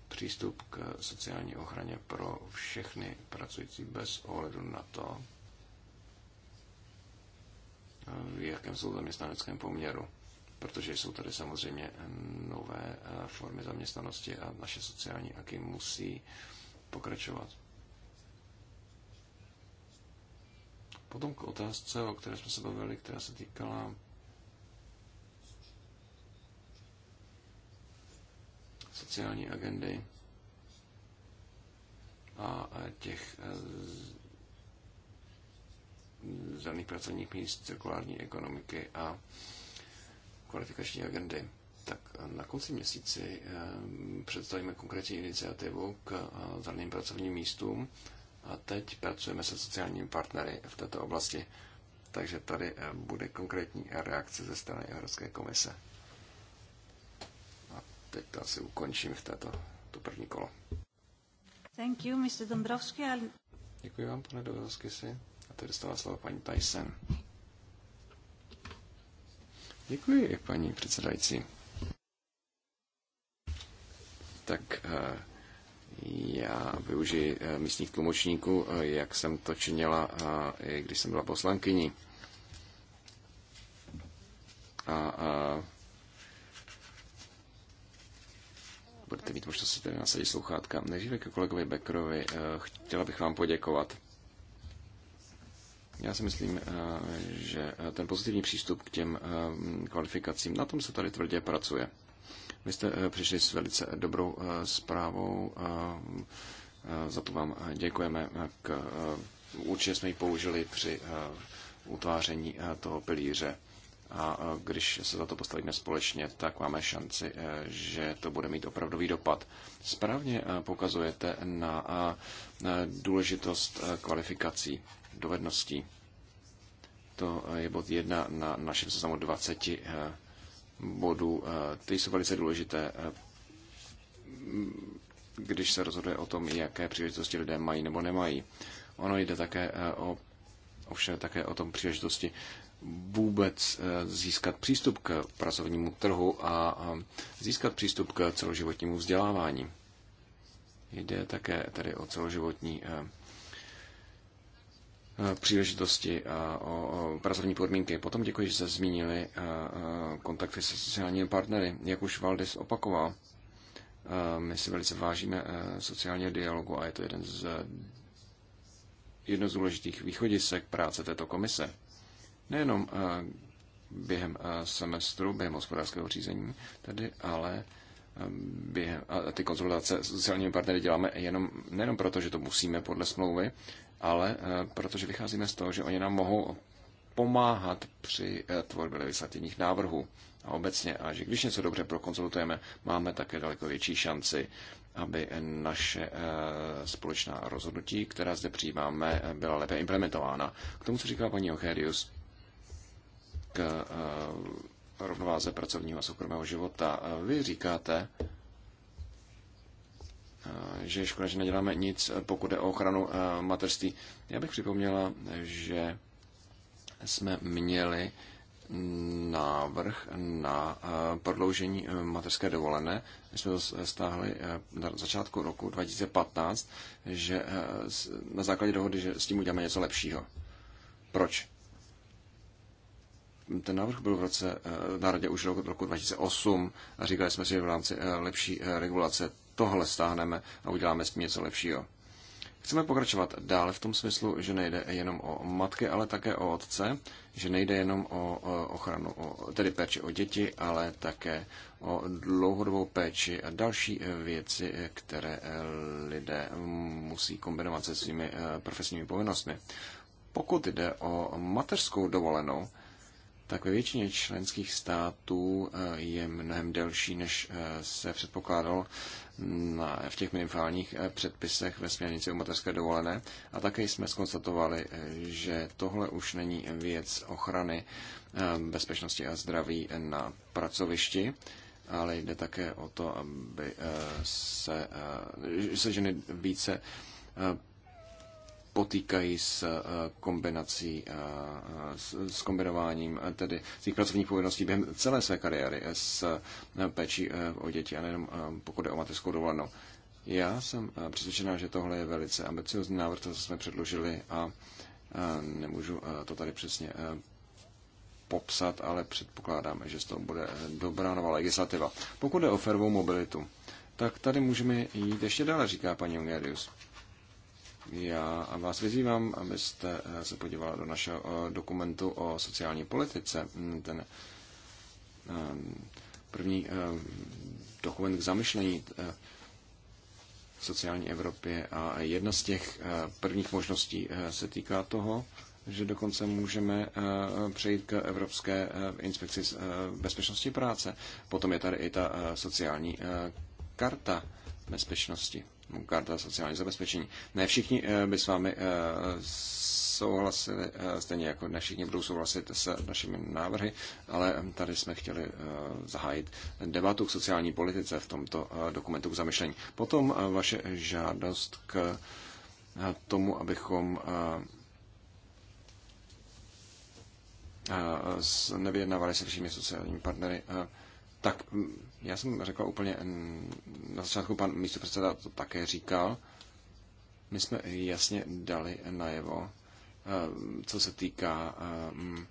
Přístup k sociální ochraně pro všechny pracující bez ohledu na to, v jakém jsou zaměstnaneckém poměru protože jsou tady samozřejmě nové eh, formy zaměstnanosti a naše sociální aky musí pokračovat. Potom k otázce, o které jsme se bavili, která se týkala sociální agendy a těch eh, zelených pracovních míst, cirkulární ekonomiky a kvalifikační agendy, tak na konci měsíci eh, představíme konkrétní iniciativu k eh, zraným pracovním místům a teď pracujeme se sociálními partnery v této oblasti. Takže tady eh, bude konkrétní reakce ze strany Evropské komise. A teď to asi ukončím v této, to první kolo. Thank you, Mr. Dombrovský. Děkuji vám, pane si. A teď dostala slovo paní Tyson. Děkuji, paní předsedající. Tak eh, já využiji eh, místních tlumočníků, eh, jak jsem to činila, i když jsem byla poslankyní. A, a budete mít možnost si tedy nasadit sluchátka. Nejdříve ke kolegovi Beckerovi, chtěla bych vám poděkovat já si myslím, eh, že eh, ten pozitivní přístup k těm eh, kvalifikacím, na tom se tady tvrdě pracuje. Vy jste přišli s velice dobrou zprávou, za to vám děkujeme. K, určitě jsme ji použili při utváření toho pilíře a když se za to postavíme společně, tak máme šanci, že to bude mít opravdový dopad. Správně pokazujete na důležitost kvalifikací dovedností. To je bod 1 na našem seznamu 20 eh, bodů. Eh, ty jsou velice důležité, eh, když se rozhoduje o tom, jaké příležitosti lidé mají nebo nemají. Ono jde také o, ovšem také o tom příležitosti vůbec získat přístup k pracovnímu trhu a získat přístup k celoživotnímu vzdělávání. Jde také tady o celoživotní Eh, příležitosti a o pracovní podmínky. Potom děkuji, že se zmínili eh, eh, kontakty se sociálními partnery. Jak už Valdis opakoval, my si velice vážíme sociálního dialogu a je to jeden z jedno z důležitých východisek práce této komise. Nejenom během semestru, během hospodářského řízení tady, ale během, a ty konzultace s sociálními partnery děláme jenom, nejenom proto, že to musíme podle smlouvy, ale eh, protože vycházíme z toho, že oni nám mohou pomáhat při eh, tvorbě legislativních návrhů a obecně, a že když něco dobře prokonzultujeme, máme také daleko větší šanci, aby naše eh, společná rozhodnutí, která zde přijímáme, byla lépe implementována. K tomu, co říká paní Ocherius, k rovnováze pracovního a soukromého života, vy říkáte, Eh, že je škoda, že neděláme nic, eh, pokud jde o ochranu eh, materství. Já bych připomněla, že jsme měli návrh na prodloužení materské dovolené. My jsme to stáhli na začátku roku 2015, že na základě dohody, že s tím uděláme něco lepšího. Proč? Ten návrh byl v roce, na radě už roku, roku 2008 a říkali jsme si, že v rámci lepší regulace tohle stáhneme a uděláme s tím něco lepšího. Chceme pokračovat dále v tom smyslu, že nejde jenom o matky, ale také o otce, že nejde jenom o ochranu, o, tedy péči o děti, ale také o dlouhodobou péči a další věci, které lidé musí kombinovat se svými eh, profesními povinnostmi. Pokud jde o mateřskou dovolenou, tak ve většině členských států eh, je mnohem delší, než eh, se předpokládalo mm, na, v těch minimálních eh, předpisech ve směrnici o mateřské dovolené. A také jsme skonstatovali, že tohle už není věc ochrany bezpečnosti a zdraví na pracovišti, ale jde také o to, aby se, se ženy více potýkají s eh, kombinací, eh, s kombinováním eh, tedy svých pracovních povinností během celé své kariéry s péčí o děti a nejenom pokud je o mateřskou dovolenou. Já jsem přesvědčená, že tohle je velice ambiciozní návrh, to jsme předložili a nemůžu to tady přesně popsat, ale předpokládám, že z toho bude dobrá nová legislativa. Pokud je o fervou mobilitu, tak tady můžeme jít ještě dále, říká paní Ungerius. Já vás vyzývám, abyste eh, se podívala do našeho eh, dokumentu o sociální politice. Mm, ten eh, první dokument k zamišlení sociální Evropě a jedna z těch prvních možností se týká toho, že dokonce můžeme přejít k Evropské inspekci bezpečnosti práce. Potom je tady i ta sociální karta bezpečnosti karta sociální zabezpečení. Ne všichni eh, by s vámi eh, souhlasili, eh, stejně jako ne všichni budou souhlasit s našimi návrhy, ale tady jsme chtěli zahájit debatu k sociální politice v tomto dokumentu k zamišlení. Potom vaše žádost k tomu, abychom nevyjednávali se všemi sociálními partnery. Tak mm, já jsem řekl úplně, mm, na začátku pan místopředseda to také říkal, my jsme jasně dali najevo, eh, co se týká eh, mm,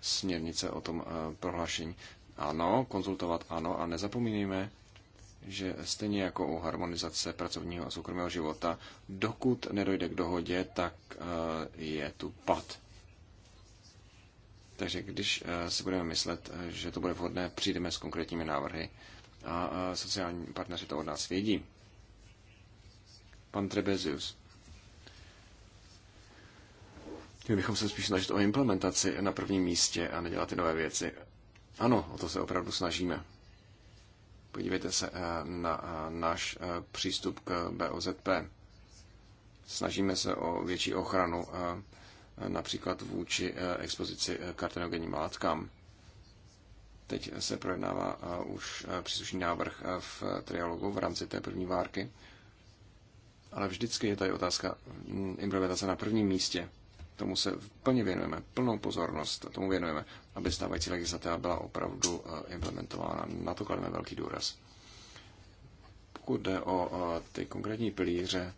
směrnice o tom eh, prohlášení. Ano, konzultovat ano a nezapomínejme, že stejně jako u harmonizace pracovního a soukromého života, dokud nedojde k dohodě, tak je tu pad. Takže když eh, si budeme myslet, eh, že to bude vhodné, přijdeme s konkrétními návrhy a eh, sociální partneři to od nás vědí. Pan Trebezius. Měli bychom se spíš snažit o implementaci na prvním místě a nedělat ty nové věci. Ano, o to se opravdu snažíme. Podívejte se na náš přístup k BOZP. Snažíme se o větší ochranu například vůči eh, expozici eh, kartenogenním látkám. Teď se projednává eh, už příslušný návrh v trialogu v rámci té první várky. Ale vždycky je tady otázka mm, implementace na prvním místě. Tomu se plně věnujeme, plnou pozornost tomu věnujeme, aby stávající legislativa byla opravdu implementována. Na to klademe velký důraz. Pokud jde o ty konkrétní pilíře,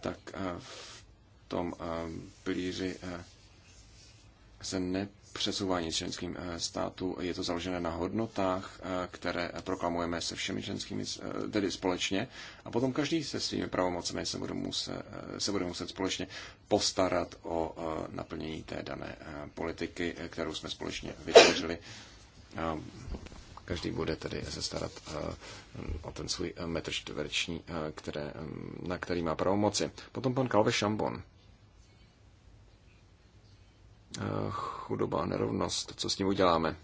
tak v tom eh, pilíři eh, se nepřesouvání členským eh, státu Je to založené na hodnotách, které proklamujeme se všemi členskými, tedy společně. A potom každý se svými pravomocemi se bude muset, se bude muset společně postarat o naplnění té dané politiky, kterou jsme společně vytvořili každý bude tedy se starat o ten svůj metr čtvereční, které, mm, na který má pravomoci. Potom pan Kalve Šambon. Eh, chudoba nerovnost, co s ním uděláme.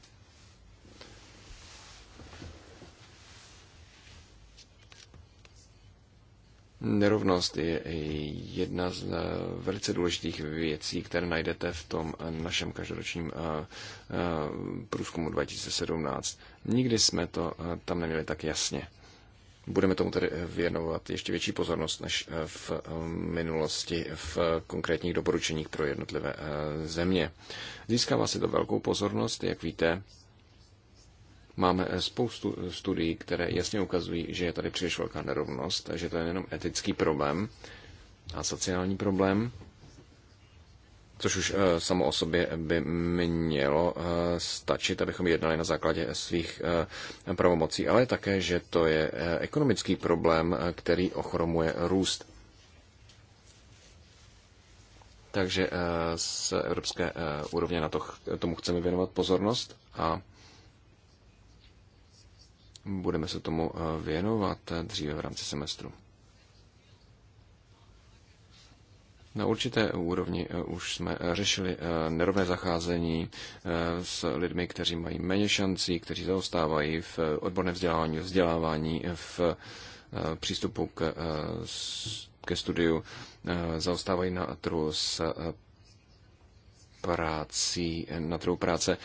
Nerovnost je jedna z eh, velice důležitých věcí, které najdete v tom eh, našem každoročním průzkumu 2017. Nikdy jsme to tam neměli tak jasně. Budeme tomu tedy věnovat ještě větší pozornost než eh, v eh, minulosti v konkrétních doporučeních pro jednotlivé eh, země. Získává se to velkou pozornost, jak víte. Máme spoustu studií, které jasně ukazují, že je tady příliš velká nerovnost, že to je jenom etický problém a sociální problém což už eh, samo o sobě by mělo eh, stačit, abychom jednali na základě svých eh, pravomocí, ale také, že to je ekonomický problém, který ochromuje růst. Takže z evropské úrovně na to, tomu chceme věnovat pozornost a budeme se tomu věnovat dříve v rámci semestru. Na určité úrovni eh, už jsme eh, řešili eh, nerovné zacházení s lidmi, kteří mají méně šancí, kteří zaostávají v odborné vzdělávání, vzdělávání, v přístupu k, ke studiu, zaostávají na trhu s prací, na trhu práce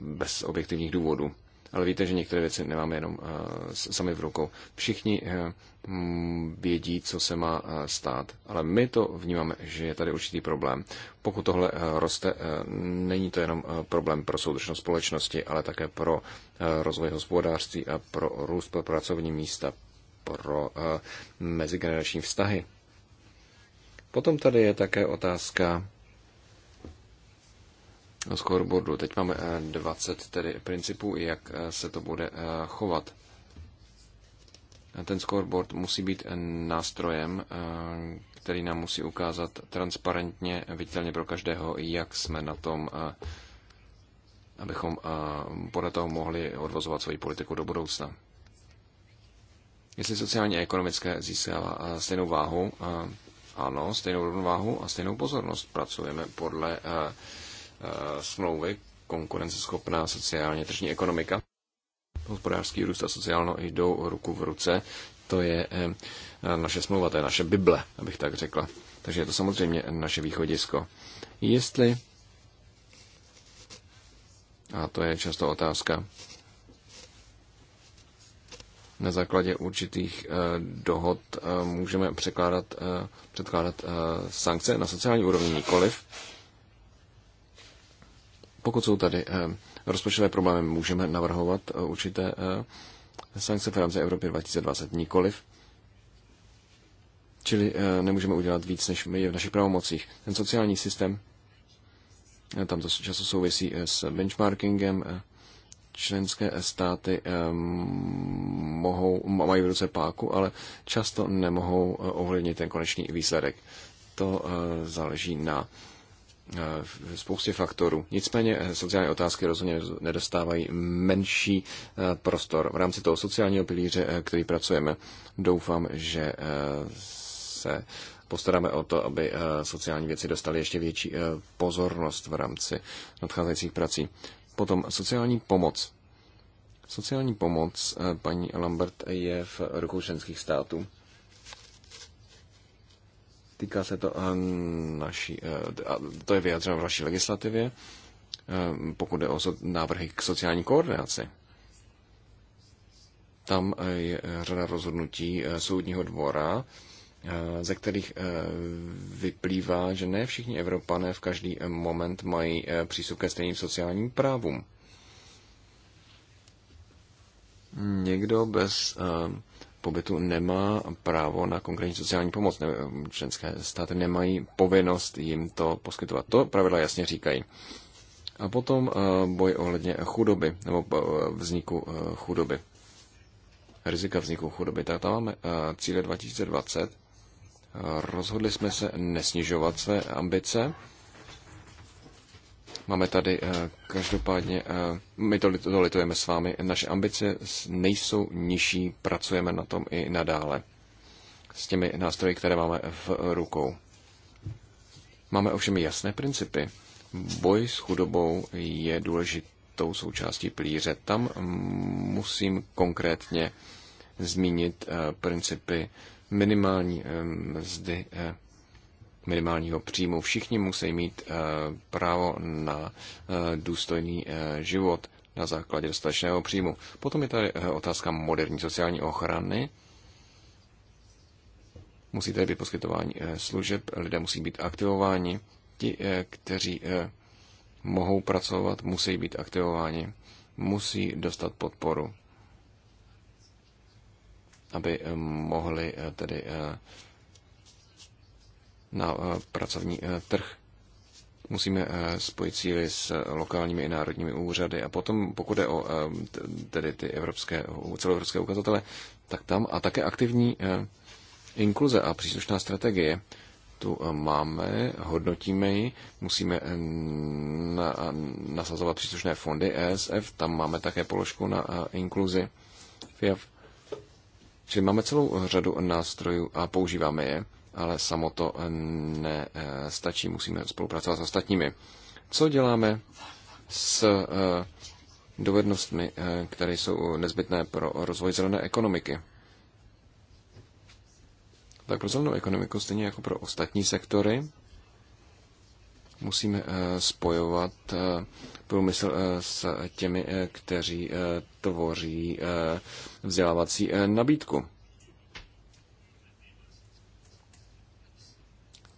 bez objektivních důvodů ale víte, že některé věci nemáme jenom eh, sami v rukou. Všichni eh, vědí, co se má eh, stát, ale my to vnímáme, že je tady určitý problém. Pokud tohle roste, není to jenom problém pro soudržnost společnosti, ale také pro rozvoj hospodářství a pro růst pro pracovní místa, pro mezigenerační vztahy. Potom tady je také otázka scoreboardu. Teď máme 20 eh, tedy principů, jak eh, se to bude eh, chovat. Ten scoreboard musí být nástrojem, který nám musí ukázat transparentně, viditelně pro každého, jak jsme na tom, abychom podle toho mohli odvozovat svoji politiku do budoucna. Jestli sociálně a ekonomické získává stejnou váhu, ano, stejnou rovnováhu a stejnou pozornost. Pracujeme podle uh, Eh, smlouvy, konkurenceschopná sociálně tržní ekonomika, hospodářský růst a sociálno jdou ruku v ruce. To je eh, naše smlouva, to je naše Bible, abych tak řekla. Takže je to samozřejmě naše východisko. Jestli, a to je často otázka, na základě určitých eh, dohod můžeme překládat, předkládat sankce na sociální úrovni nikoliv, pokud jsou tady eh, rozpočtové problémy, můžeme navrhovat eh, určité eh, sankce v rámci Evropy 2020 nikoliv. Čili nemůžeme udělat víc, než je v našich pravomocích. Ten sociální systém, tam to často souvisí s benchmarkingem, členské státy mohou, mají v ruce páku, ale často nemohou ovlivnit ten konečný výsledek. To záleží na spoustě faktorů. Nicméně eh, sociální otázky rozhodně nedostávají menší eh, prostor. V rámci toho sociálního pilíře, eh, který pracujeme, doufám, že se postaráme o to, aby sociální věci dostaly ještě větší pozornost v rámci nadcházejících prací. Potom sociální pomoc. Sociální pomoc, paní Lambert, je v rukou členských států. Týká se to eh, naší, eh, to je vyjádřeno v naší legislativě, eh, pokud jde o návrhy k sociální koordinaci. Tam je řada rozhodnutí soudního dvora, ze kterých vyplývá, že ne všichni Evropané v každý moment mají přístup ke stejným sociálním právům. Někdo bez pobytu nemá právo na konkrétní sociální pomoc. Ne, členské státy nemají povinnost jim to poskytovat. To pravidla jasně říkají. A potom eh, boj ohledně chudoby, nebo eh, vzniku eh, chudoby. Rizika vzniku chudoby. Tak tam máme cíle 2020. Rozhodli jsme se nesnižovat své ambice Máme tady eh, každopádně, eh, my to, to litujeme s vámi, naše ambice nejsou nižší, pracujeme na tom i nadále s těmi nástroji, které máme v rukou. Máme ovšem jasné principy. Boj s chudobou je důležitou součástí plíře. Tam musím konkrétně zmínit eh, principy minimální mzdy, minimálního příjmu. Všichni musí mít eh, právo na eh, důstojný eh, život na základě dostatečného příjmu. Potom je tady otázka moderní sociální ochrany. Musí tady být poskytování služeb, lidé musí být aktivováni. Ti, kteří mohou pracovat, musí být aktivováni, musí dostat podporu, aby mohli tedy na eh, pracovní eh, trh. Musíme eh, spojit síly s lokálními i národními úřady. A potom, pokud je o tedy ty evropské, celoevropské ukazatele, tak tam a také aktivní inkluze a příslušná strategie tu máme, hodnotíme ji, musíme na, nasazovat příslušné fondy ESF, tam máme také položku na inkluzi FIAF. Čili máme celou řadu nástrojů a používáme je ale samo to eh, nestačí, eh, musíme spolupracovat s ostatními. Co děláme s eh, dovednostmi, které jsou nezbytné pro rozvoj zelené ekonomiky? Tak pro zelenou ekonomiku, stejně jako pro ostatní sektory, musíme spojovat průmysl s těmi, kteří tvoří vzdělávací nabídku.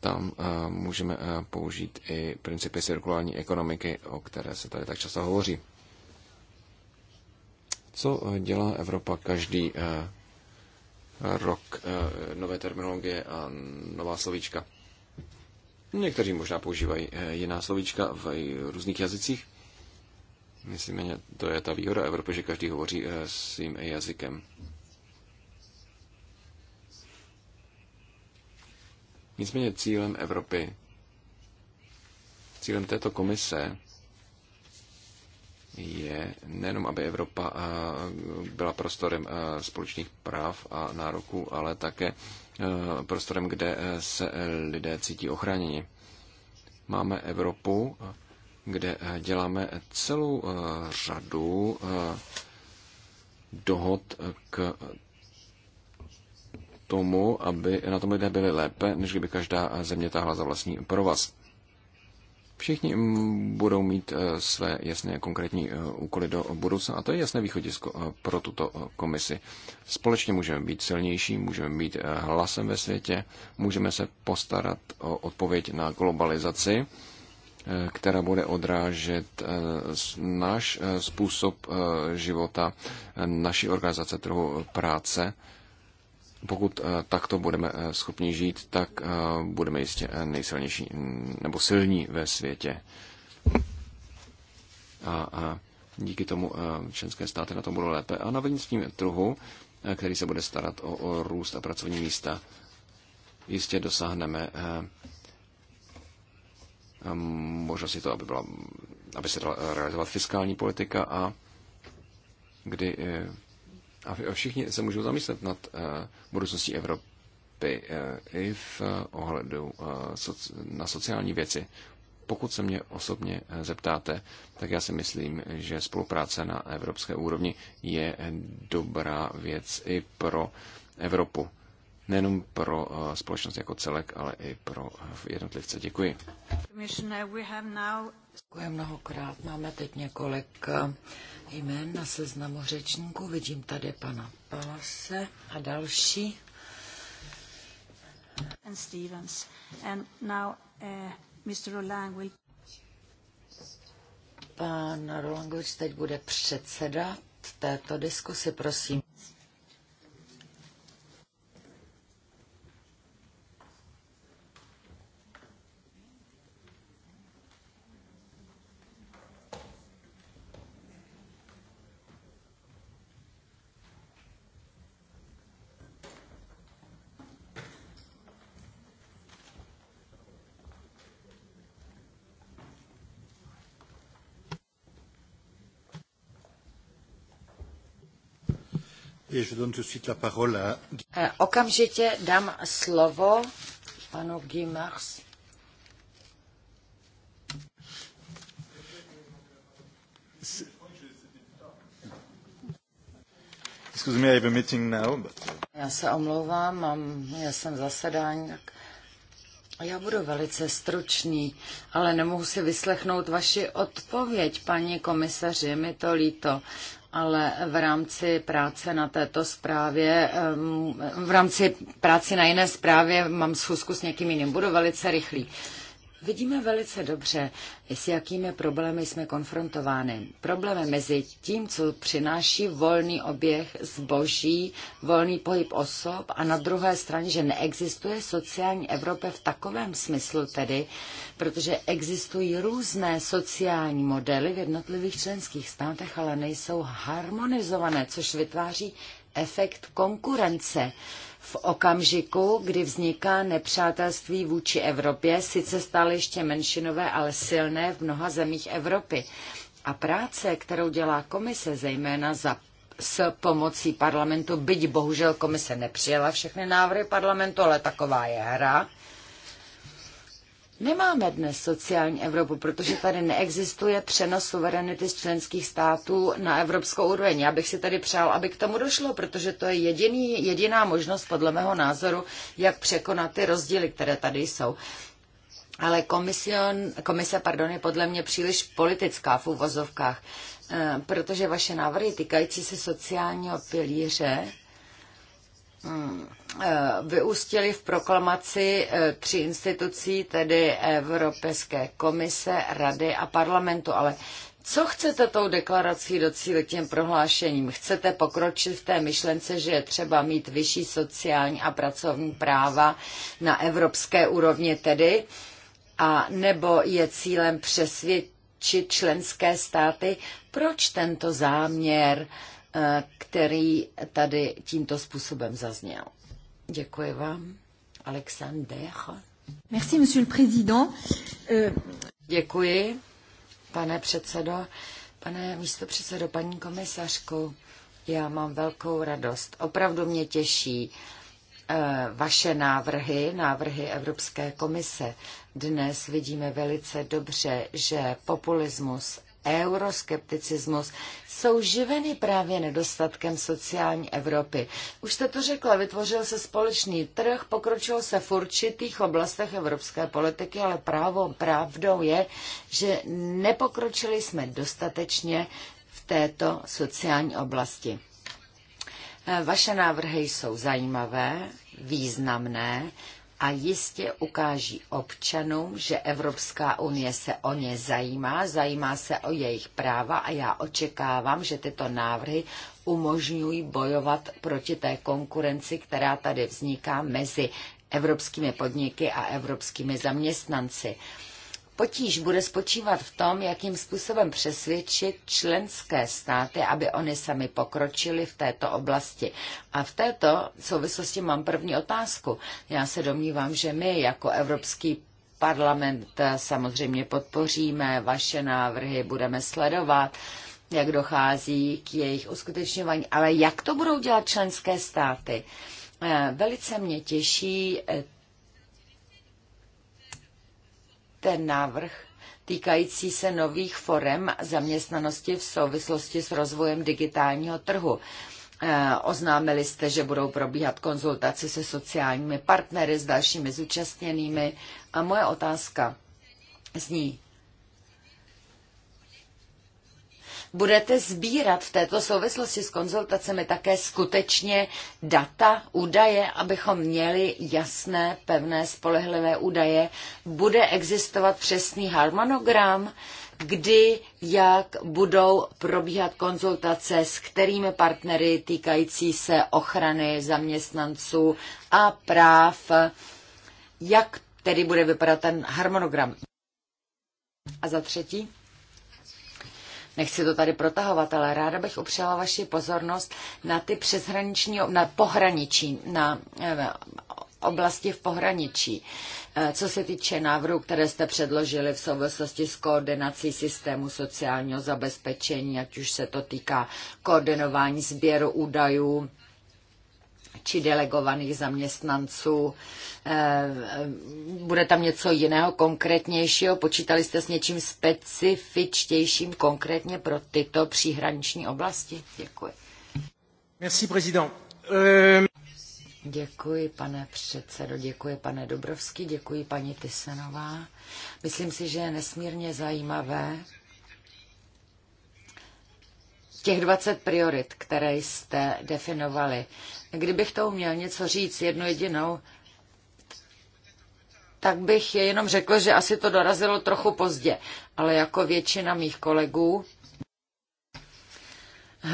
tam eh, můžeme eh, použít i principy cirkulární ekonomiky, o které se tady tak často hovoří. Co eh, dělá Evropa každý rok? Nové terminologie a nová slovíčka. Někteří možná používají jiná slovíčka v různých jazycích. Myslím, že to je ta výhoda Evropy, že každý hovoří svým jazykem. Nicméně cílem Evropy, cílem této komise je nejenom, aby Evropa byla prostorem společných práv a nároků, ale také prostorem, kde se lidé cítí ochráněni. Máme Evropu, kde děláme celou řadu dohod k tomu, aby na tom lidé byli lépe, než kdyby každá země táhla za vlastní provaz. Všichni budou mít eh, své jasné konkrétní eh, úkoly do budoucna a to je jasné východisko eh, pro tuto komisi. Společně můžeme být silnější, můžeme být hlasem ve světě, můžeme se postarat o odpověď na globalizaci, která bude odrážet náš způsob života, naší organizace trhu práce pokud eh, takto budeme eh, schopni žít, tak eh, budeme jistě nejsilnější mm, nebo silní ve světě. A, a díky tomu členské státy na tom budou lépe. A na vnitřním trhu, který se bude starat o, o růst a pracovní místa, jistě dosáhneme možnosti to, aby, byla, aby se dala realizovat fiskální politika a kdy a všichni se můžou zamyslet nad eh, budoucností Evropy eh, i v eh, ohledu na sociální věci. Pokud se mě osobně zeptáte, tak já si myslím, že spolupráce na evropské úrovni je dobrá věc i pro Evropu nejenom pro eh, společnost jako celek, ale i pro eh, jednotlivce. Děkuji. Děkuji mnohokrát. Máme teď několik eh, jmén na seznamu řečníků. Vidím tady pana Palase a další. And Stevens. And now uh, Mr. Roland will... Pan Rolangovič teď bude předsedat této diskusi, prosím. Eh, okamžitě dám slovo panu Guimars. Excuse me, I have a meeting now, but... Uh, já se omlouvám, mám, já jsem zasedání, tak já budu velice stručný, ale nemohu si vyslechnout vaši odpověď, paní komisaři, mi to líto ale v rámci práce na této zprávě, v rámci práce na jiné zprávě mám schůzku s někým jiným. Budu velice rychlý. Vidíme velice dobře, s jakými problémy jsme konfrontovány. Problémy mezi tím, co přináší volný oběh zboží, volný pohyb osob a na druhé straně, že neexistuje sociální Evropa v takovém smyslu tedy, protože existují různé sociální modely v jednotlivých členských státech, ale nejsou harmonizované, což vytváří efekt konkurence v okamžiku, kdy vzniká nepřátelství vůči Evropě, sice stále ještě menšinové, ale silné v mnoha zemích Evropy. A práce, kterou dělá komise, zejména za s pomocí parlamentu, byť bohužel komise nepřijela všechny návrhy parlamentu, ale taková je hra, Nemáme dnes sociální Evropu, protože tady neexistuje přenos suverenity z členských států na evropskou úroveň. Já bych si tady přál, aby k tomu došlo, protože to je jediný, jediná možnost, podle mého názoru, jak překonat ty rozdíly, které tady jsou. Ale komision, komise pardon, je podle mě příliš politická v uvozovkách, eh, protože vaše návrhy týkající se sociálního pilíře Eh, vyústily v proklamaci eh, tři institucí, tedy Evropské komise, Rady a parlamentu. Ale co chcete tou deklarací docílit tím prohlášením? Chcete pokročit v té myšlence, že je třeba mít vyšší sociální a pracovní práva na evropské úrovni tedy? A nebo je cílem přesvědčit členské státy, proč tento záměr který tady tímto způsobem zazněl. Děkuji vám. Alexander. Merci, monsieur le président. Euh, Děkuji, pane předsedo. Pane místo předsedo, paní komisařko, já mám velkou radost. Opravdu mě těší eh, vaše návrhy, návrhy Evropské komise. Dnes vidíme velice dobře, že populismus euroskepticismus jsou živeny právě nedostatkem sociální Evropy. Už jste to řekla, vytvořil se společný trh, pokročilo se v určitých oblastech evropské politiky, ale právo, pravdou je, že nepokročili jsme dostatečně v této sociální oblasti. E, vaše návrhy jsou zajímavé, významné, a jistě ukáží občanům, že Evropská unie se o ně zajímá, zajímá se o jejich práva a já očekávám, že tyto návrhy umožňují bojovat proti té konkurenci, která tady vzniká mezi evropskými podniky a evropskými zaměstnanci. Potíž bude spočívat v tom, jakým způsobem přesvědčit členské státy, aby oni sami pokročili v této oblasti. A v této souvislosti mám první otázku. Já se domnívám, že my jako Evropský parlament samozřejmě podpoříme vaše návrhy, budeme sledovat, jak dochází k jejich uskutečňování, ale jak to budou dělat členské státy? Eh, velice mě těší eh, ten návrh týkající se nových forem zaměstnanosti v souvislosti s rozvojem digitálního trhu. Eh, oznámili jste, že budou probíhat konzultace se sociálními partnery, s dalšími zúčastněnými. A moje otázka zní, budete sbírat v této souvislosti s konzultacemi také skutečně data, údaje, abychom měli jasné, pevné, spolehlivé údaje? Bude existovat přesný harmonogram, kdy, jak budou probíhat konzultace s kterými partnery týkající se ochrany zaměstnanců a práv, jak tedy bude vypadat ten harmonogram? A za třetí? Nechci to tady protahovat, ale ráda bych upřela vaši pozornost na ty přeshraniční, na pohraničí, na eh, oblasti v pohraničí. Eh, co se týče návrhů, které jste předložili v souvislosti s koordinací systému sociálního zabezpečení, ať už se to týká koordinování sběru údajů, či delegovaných zaměstnanců. Eh, bude tam něco jiného, konkrétnějšího? Počítali jste s něčím specifičtějším konkrétně pro tyto příhraniční oblasti? Děkuji. Merci, prezident. Eh, děkuji, pane předsedo, děkuji, pane Dobrovský, děkuji, paní Tysenová. Myslím si, že je nesmírně zajímavé, těch 20 priorit, které jste definovali. Kdybych to uměl něco říct jednu jedinou, tak bych jenom řekl, že asi to dorazilo trochu pozdě. Ale jako většina mých kolegů,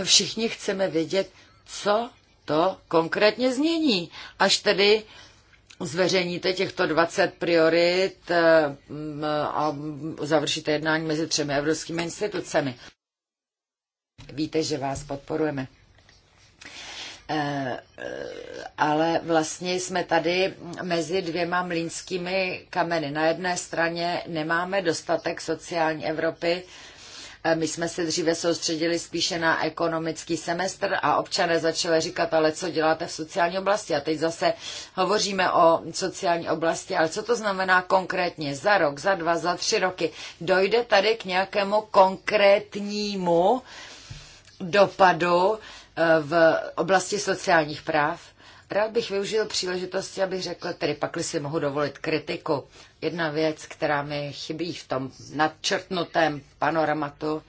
všichni chceme vědět, co to konkrétně změní. Až tedy zveřejníte těchto 20 priorit eh, a završíte jednání mezi třemi evropskými institucemi. Víte, že vás podporujeme eh, eh, ale vlastně jsme tady mezi dvěma mlínskými kameny. Na jedné straně nemáme dostatek sociální Evropy, eh, my jsme se dříve soustředili spíše na ekonomický semestr a občané začali říkat, ale co děláte v sociální oblasti? A teď zase hovoříme o sociální oblasti, ale co to znamená konkrétně za rok, za dva, za tři roky? Dojde tady k nějakému konkrétnímu dopadu eh, v oblasti sociálních práv. Rád bych využil příležitosti, abych řekl, tedy pakli si mohu dovolit kritiku. Jedna věc, která mi chybí v tom nadčrtnutém panoramatu,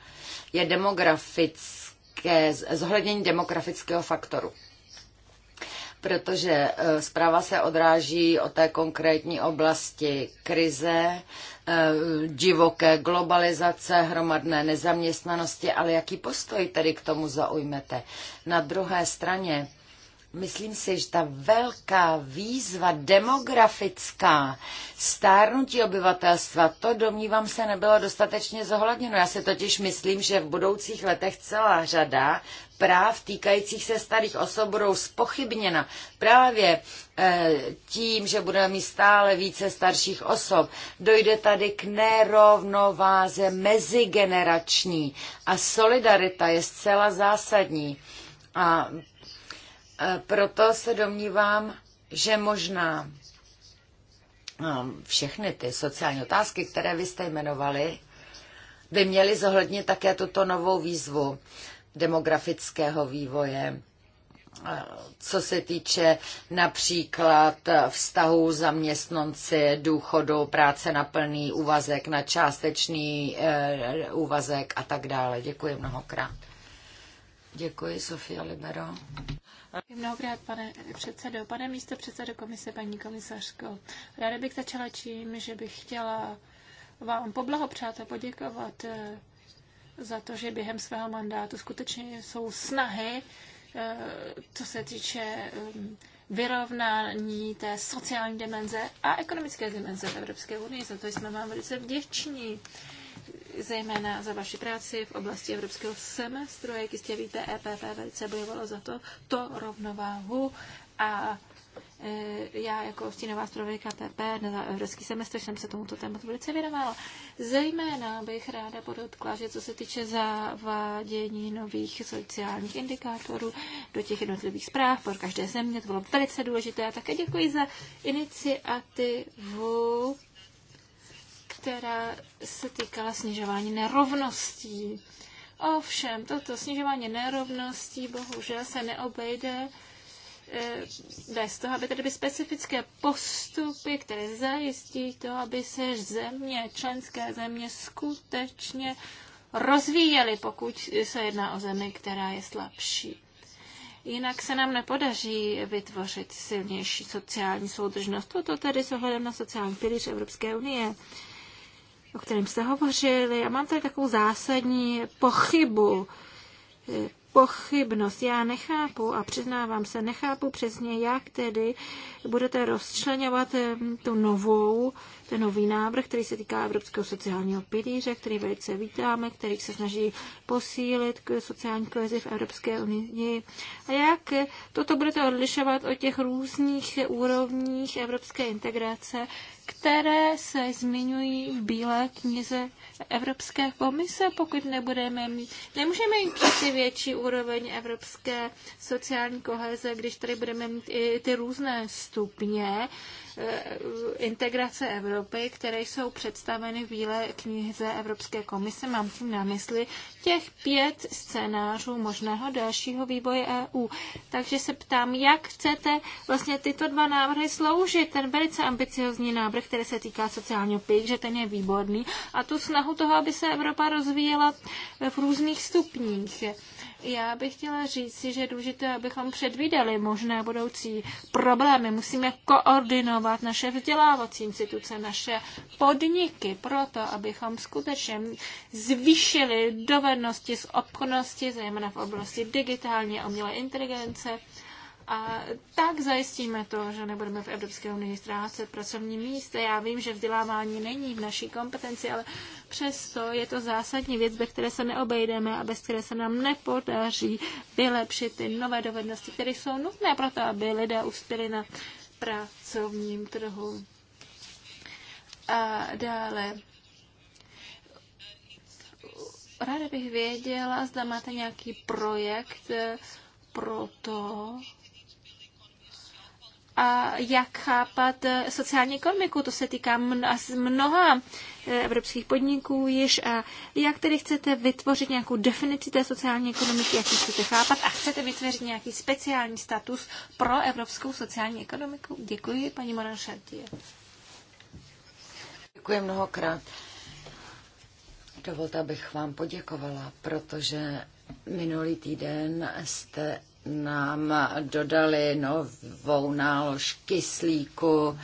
je demografické, zohlednění demografického faktoru protože eh, zpráva se odráží o té konkrétní oblasti krize, Eh, divoké globalizace, hromadné nezaměstnanosti, ale jaký postoj tedy k tomu zaujmete? Na druhé straně Myslím si, že ta velká výzva demografická, stárnutí obyvatelstva, to domnívám se nebylo dostatečně zohledněno. Já si totiž myslím, že v budoucích letech celá řada práv týkajících se starých osob budou spochybněna právě eh, tím, že budeme mít stále více starších osob. Dojde tady k nerovnováze mezigenerační a solidarita je zcela zásadní. A Eh, proto se domnívám, že možná eh, všechny ty sociální otázky, které vy jste jmenovali, by měly zohlednit také tuto novou výzvu demografického vývoje, eh, co se týče například vztahu zaměstnanci, důchodu, práce na plný úvazek, na částečný úvazek a tak dále. Děkuji mnohokrát. Děkuji, Sofia Libero. Mnohokrát, pane předsedo, pane místo předsedo komise, paní komisařko. Ráda bych začala čím, že bych chtěla vám poblahopřát a poděkovat eh, za to, že během svého mandátu skutečně jsou snahy, eh, co se týče eh, vyrovnání té sociální dimenze a ekonomické dimenze v Evropské unii. Za to jsme vám velice vděční zejména za vaši práci v oblasti evropského semestru. Jak jistě víte, EPP velice bojovalo za to, to rovnováhu a e, já jako stínová strojka PP na evropský semestr jsem se tomuto tématu velice věnovala. Zejména bych ráda podotkla, že co se týče zavádění nových sociálních indikátorů do těch jednotlivých zpráv pro každé země, to bylo velice důležité. a také děkuji za iniciativu která se týkala snižování nerovností. Ovšem, toto snižování nerovností bohužel se neobejde eh, bez toho, aby tady byly specifické postupy, které zajistí to, aby se země, členské země skutečně rozvíjely, pokud se jedná o zemi, která je slabší. Jinak se nám nepodaří vytvořit silnější sociální soudržnost. Toto tedy s ohledem na sociální pilíř Evropské unie o kterém jste hovořili. A mám tady takovou zásadní pochybu, eh, pochybnost. Já nechápu a přiznávám se, nechápu přesně, jak tedy budete rozčlenovat eh, tu novou ten nový návrh, který se týká Evropského sociálního pilíře, který velice vítáme, který se snaží posílit k sociální kohezi v Evropské unii. A jak toto budete odlišovat od těch různých úrovních evropské integrace, které se zmiňují v Bílé knize Evropské komise, pokud nebudeme mít. Nemůžeme mít přeci větší úroveň evropské sociální koheze, když tady budeme mít i ty různé stupně Eh, integrace Evropy, které jsou představeny v Bílé knize Evropské komise. Mám tím na mysli těch pět scénářů možného dalšího vývoje EU. Takže se ptám, jak chcete vlastně tyto dva návrhy sloužit. Ten velice ambiciozní návrh, který se týká sociálního pík, že ten je výborný, a tu snahu toho, aby se Evropa rozvíjela v různých stupních. Já bych chtěla říci, že je důležité, abychom předvídali možné budoucí problémy. Musíme koordinovat naše vzdělávací instituce, naše podniky, proto abychom skutečně zvýšili dovednosti, schopnosti, zejména v oblasti digitální a umělé inteligence, a tak zajistíme to, že nebudeme v Evropské unii ztrácet pracovní místa. Já vím, že vzdělávání není v naší kompetenci, ale přesto je to zásadní věc, bez které se neobejdeme a bez které se nám nepodaří vylepšit ty nové dovednosti, které jsou nutné pro to, aby lidé uspěli na pracovním trhu. A dále. Ráda bych věděla, zda máte nějaký projekt eh, pro to, a jak chápat eh, sociální ekonomiku. To se týká mnoha eh, evropských podniků již a jak tedy chcete vytvořit nějakou definici té sociální ekonomiky, jak ji chcete chápat a chcete vytvořit nějaký speciální status pro evropskou sociální ekonomiku. Děkuji, paní Moran Děkuji mnohokrát. Dovolte, abych vám poděkovala, protože minulý týden jste nám dodali novou nálož kyslíku,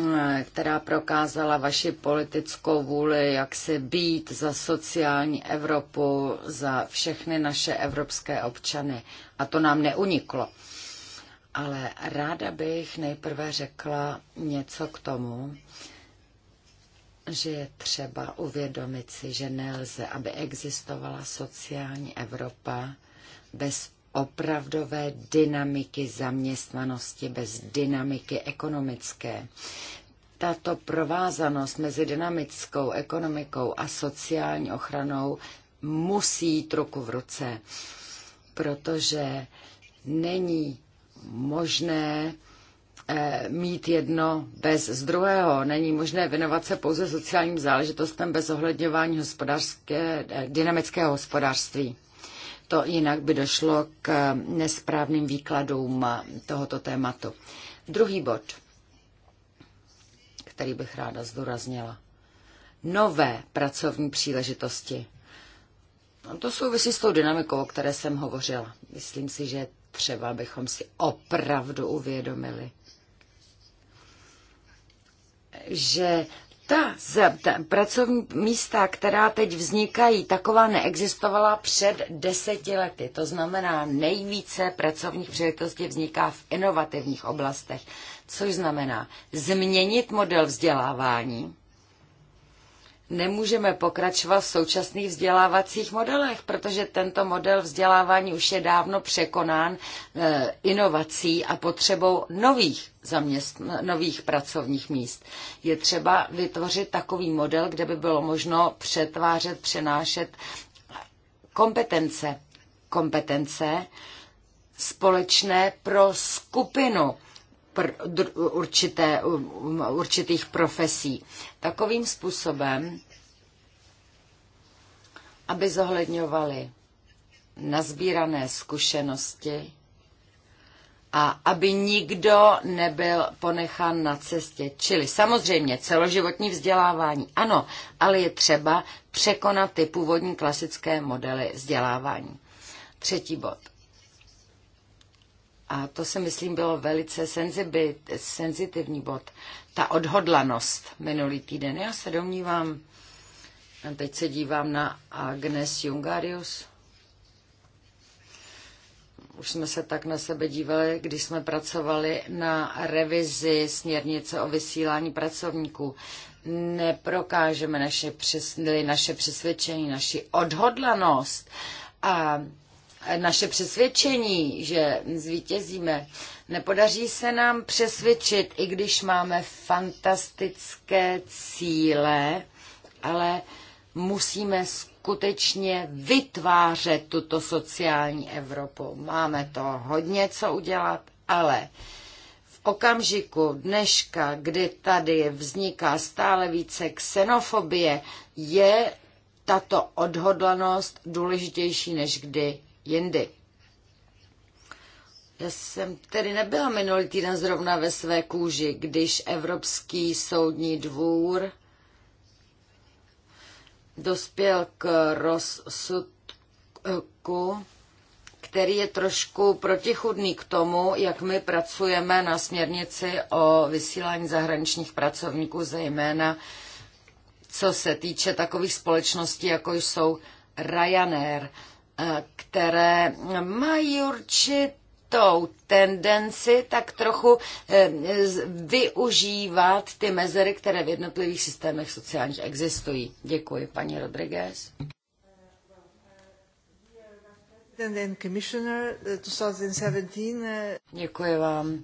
eh, která prokázala vaši politickou vůli, jak se být za sociální Evropu, za všechny naše evropské občany. A to nám neuniklo. Ale ráda bych nejprve řekla něco k tomu, že je třeba uvědomit si, že nelze, aby existovala sociální Evropa bez opravdové dynamiky zaměstnanosti bez dynamiky ekonomické tato provázanost mezi dynamickou ekonomikou a sociální ochranou musí jít ruku v ruce, protože není možné eh, mít jedno bez z druhého. Není možné věnovat se pouze sociálním záležitostem bez ohledňování hospodářské, eh, dynamického hospodářství to jinak by došlo k nesprávným výkladům tohoto tématu. Druhý bod, který bych ráda zdůraznila. Nové pracovní příležitosti. No to souvisí s tou dynamikou, o které jsem hovořila. Myslím si, že třeba bychom si opravdu uvědomili, že ta pracovní místa, která teď vznikají, taková neexistovala před deseti lety. To znamená, nejvíce pracovních příležitostí vzniká v inovativních oblastech, což znamená změnit model vzdělávání, nemůžeme pokračovat v současných vzdělávacích modelech, protože tento model vzdělávání už je dávno překonán eh, inovací a potřebou nových, zaměstn- nových pracovních míst. Je třeba vytvořit takový model, kde by bylo možno přetvářet, přenášet kompetence. Kompetence společné pro skupinu pr, určité, um, um, určitých profesí. Takovým způsobem, aby zohledňovali nazbírané zkušenosti a aby nikdo nebyl ponechán na cestě. Čili samozřejmě celoživotní vzdělávání, ano, ale je třeba překonat ty původní klasické modely vzdělávání. Třetí bod. A to si myslím bylo velice senzitivní bod. Ta odhodlanost minulý týden. Já se domnívám, a teď se dívám na Agnes Jungarius. Už jsme se tak na sebe dívali, když jsme pracovali na revizi směrnice o vysílání pracovníků. Neprokážeme naše, přes, naše přesvědčení, naši odhodlanost a naše přesvědčení, že zvítězíme, nepodaří se nám přesvědčit, i když máme fantastické cíle, ale musíme skutečně vytvářet tuto sociální Evropu. Máme to hodně co udělat, ale v okamžiku dneška, kdy tady vzniká stále více ksenofobie, je tato odhodlanost důležitější než kdy jindy. Já jsem tedy nebyla minulý týden zrovna ve své kůži, když Evropský soudní dvůr dospěl k rozsudku, který je trošku protichudný k tomu, jak my pracujeme na směrnici o vysílání zahraničních pracovníků, zejména co se týče takových společností, jako jsou Ryanair. Eh, které mají určitou tendenci tak trochu eh, využívat ty mezery, které v jednotlivých systémech sociálních existují. Děkuji, paní Rodriguez. Eh, Děkuji vám.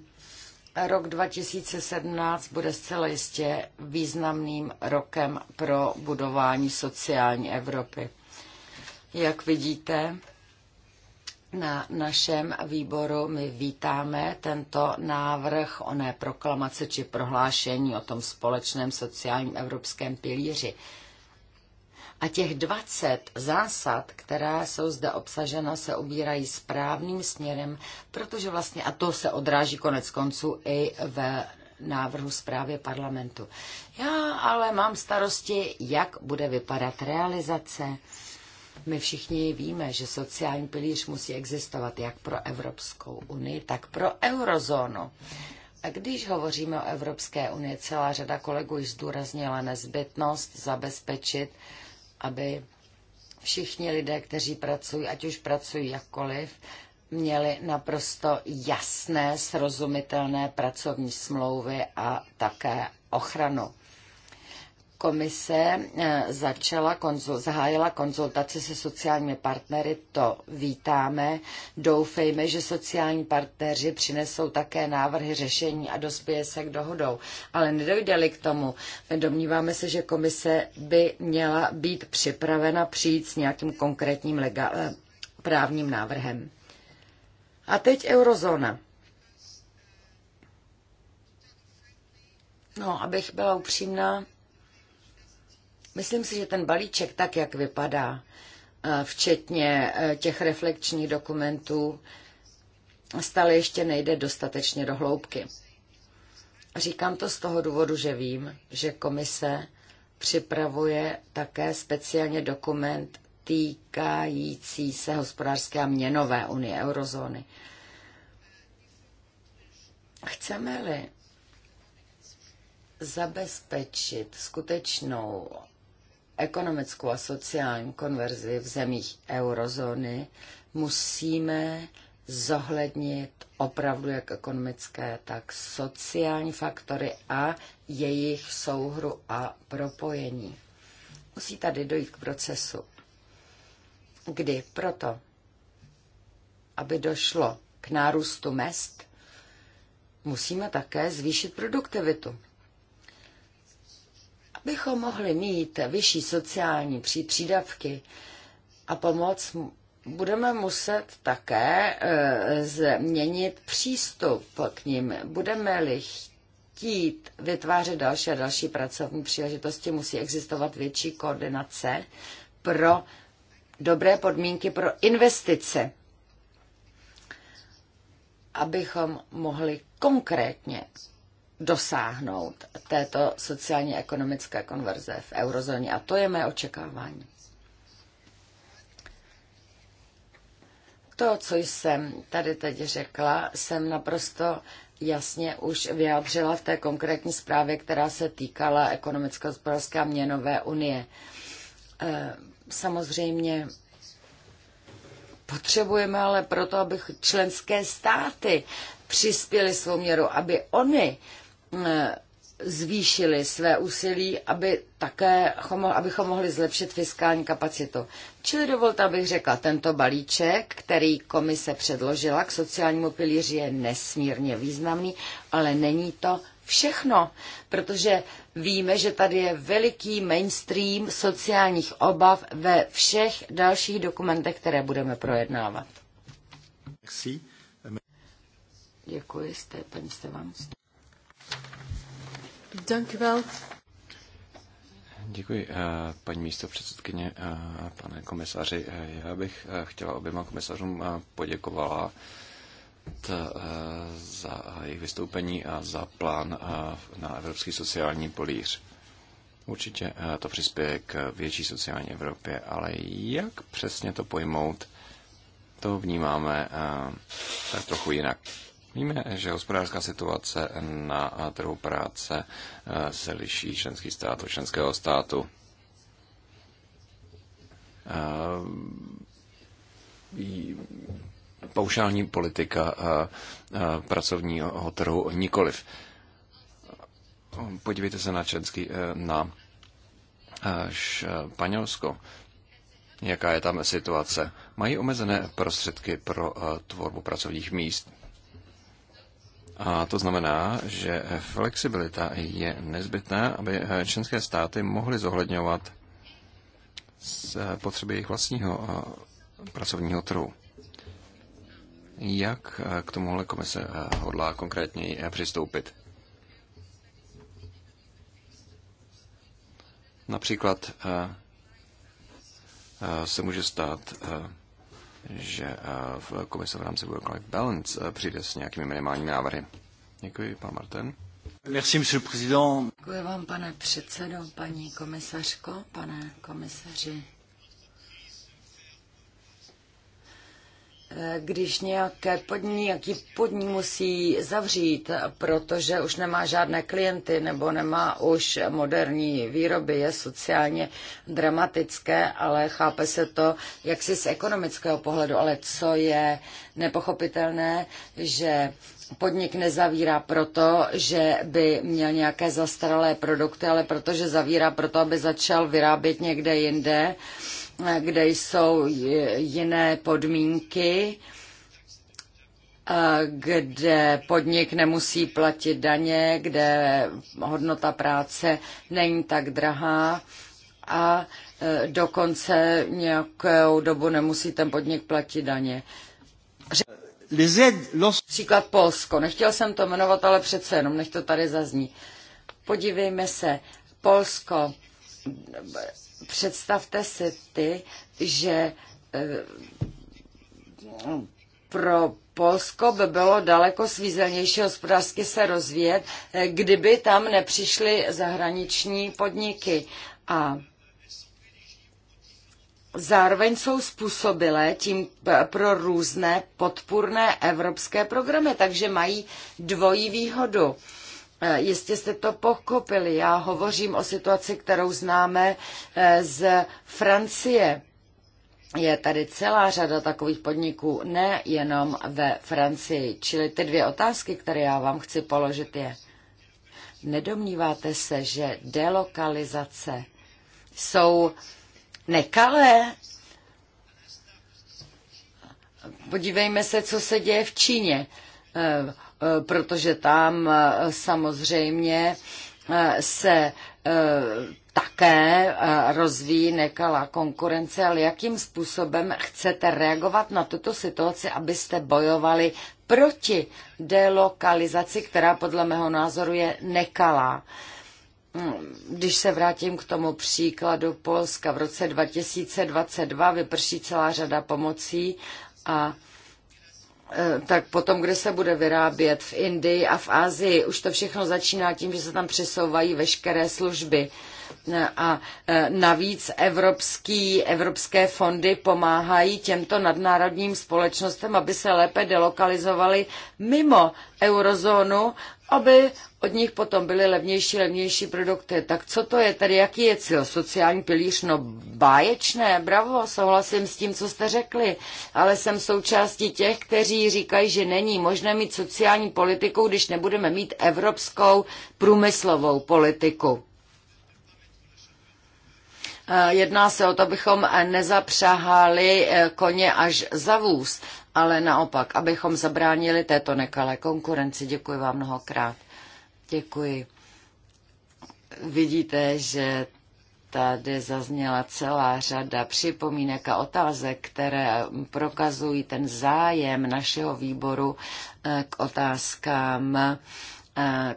Rok 2017 bude zcela jistě významným rokem pro budování sociální Evropy. Jak vidíte, na našem výboru my vítáme tento návrh o ne proklamace či prohlášení o tom společném sociálním evropském pilíři. A těch 20 zásad, které jsou zde obsažena, se ubírají správným směrem, protože vlastně, a to se odráží konec konců i v návrhu zprávy parlamentu. Já ale mám starosti, jak bude vypadat realizace, my všichni víme, že sociální pilíř musí existovat jak pro Evropskou unii, tak pro eurozónu. A když hovoříme o Evropské unii, celá řada kolegů již zdůraznila nezbytnost zabezpečit, aby všichni lidé, kteří pracují, ať už pracují jakkoliv, měli naprosto jasné, srozumitelné pracovní smlouvy a také ochranu. Komise eh, začala, konzul, zahájila konzultace se sociálními partnery, to vítáme. Doufejme, že sociální partneři přinesou také návrhy řešení a dospěje se k dohodou. Ale nedojde-li k tomu, domníváme se, že komise by měla být připravena přijít s nějakým konkrétním eh, právním návrhem. A teď eurozóna. No, abych byla upřímná, Myslím si, že ten balíček, tak jak vypadá, eh, včetně eh, těch reflekčních dokumentů, stále ještě nejde dostatečně do hloubky. Říkám to z toho důvodu, že vím, že komise připravuje také speciálně dokument týkající se hospodářské a měnové unie eurozóny. Chceme-li zabezpečit skutečnou ekonomickou a sociální konverzi v zemích eurozóny, musíme zohlednit opravdu jak ekonomické, tak sociální faktory a jejich souhru a propojení. Musí tady dojít k procesu, kdy proto, aby došlo k nárůstu mest, musíme také zvýšit produktivitu. Abychom mohli mít vyšší sociální přídavky a pomoc, budeme muset také e, změnit přístup k ním. Budeme-li chtít vytvářet další a další pracovní příležitosti, musí existovat větší koordinace pro dobré podmínky pro investice, abychom mohli konkrétně dosáhnout této sociálně ekonomické konverze v eurozóně. A to je mé očekávání. To, co jsem tady teď řekla, jsem naprosto jasně už vyjádřila v té konkrétní zprávě, která se týkala ekonomické hospodářské a měnové unie. E, samozřejmě potřebujeme ale proto, aby členské státy přispěly svou měru, aby oni Eh, zvýšili své úsilí, aby také, abychom mohli zlepšit fiskální kapacitu. Čili dovolte, abych řekla, tento balíček, který komise předložila k sociálnímu pilíři, je nesmírně významný, ale není to všechno, protože víme, že tady je veliký mainstream sociálních obav ve všech dalších dokumentech, které budeme projednávat. Děkuji, jste, paní Stevanství. Dank wel. Děkuji, eh, paní místo předsedkyně, eh, pane komisaři. Eh, já bych chtěla oběma komisařům poděkovala za jejich vystoupení a za plán na Evropský sociální políř. Určitě to přispěje k větší sociální Evropě, ale jak přesně to pojmout, to vnímáme tak trochu jinak. Víme, že hospodářská situace na trhu práce eh, se liší členský stát od členského státu. Eh, paušální politika eh, pracovního trhu nikoliv. Podívejte se na, členský, na Španělsko. Jaká je tam situace? Mají omezené prostředky pro tvorbu pracovních míst a to znamená, že flexibilita je nezbytná, aby členské státy mohly zohledňovat potřeby jejich vlastního eh, pracovního trhu. Jak eh, k tomuhle komise eh, hodlá konkrétně přistoupit? Například se může stát, že eh, v komise v rámci Work-Life Balance eh, přijde s nějakými minimálními návrhy. Děkuji, pan Martin. Merci, monsieur le président. Děkuji vám, pane předsedo, paní komisařko, pane komisaři když nějaké podní, nějaký podnik musí zavřít, protože už nemá žádné klienty nebo nemá už moderní výroby, je sociálně dramatické, ale chápe se to jaksi z ekonomického pohledu. Ale co je nepochopitelné, že podnik nezavírá proto, že by měl nějaké zastaralé produkty, ale protože zavírá proto, aby začal vyrábět někde jinde kde jsou jiné podmínky, kde podnik nemusí platit daně, kde hodnota práce není tak drahá a e, dokonce nějakou dobu nemusí ten podnik platit daně. Příklad Polsko. Nechtěl jsem to jmenovat, ale přece jenom nech to tady zazní. Podívejme se. Polsko představte si ty, že eh, pro Polsko by bylo daleko svízelnější hospodářsky se rozvíjet, eh, kdyby tam nepřišly zahraniční podniky. A Zároveň jsou způsobilé tím eh, pro různé podpůrné evropské programy, takže mají dvojí výhodu. Eh, jistě jste to pochopili. Já hovořím o situaci, kterou známe eh, z Francie. Je tady celá řada takových podniků, ne jenom ve Francii. Čili ty dvě otázky, které já vám chci položit, je. Nedomníváte se, že delokalizace jsou nekalé? Podívejme se, co se děje v Číně eh, Eh, protože tam eh, samozřejmě eh, se také rozvíjí nekalá konkurence, ale jakým způsobem chcete reagovat na tuto situaci, abyste bojovali proti delokalizaci, která podle mého názoru je nekalá. Hmm, když se vrátím k tomu příkladu Polska, v roce 2022 vyprší celá řada pomocí a Eh, tak potom, kde se bude vyrábět v Indii a v Asii, už to všechno začíná tím, že se tam přesouvají veškeré služby. Eh, a eh, navíc evropský, evropské fondy pomáhají těmto nadnárodním společnostem, aby se lépe delokalizovaly mimo eurozónu aby od nich potom byly levnější, levnější produkty. Tak co to je tady, jaký je cíl? Sociální pilíř, no báječné, bravo, souhlasím s tím, co jste řekli, ale jsem součástí těch, kteří říkají, že není možné mít sociální politiku, když nebudeme mít evropskou průmyslovou politiku. Eh, jedná se o to, abychom nezapřahali eh, koně až za vůz ale naopak, abychom zabránili této nekalé konkurenci. Děkuji vám mnohokrát. Děkuji. Vidíte, že tady zazněla celá řada připomínek a otázek, které prokazují ten zájem našeho výboru eh, k otázkám, eh,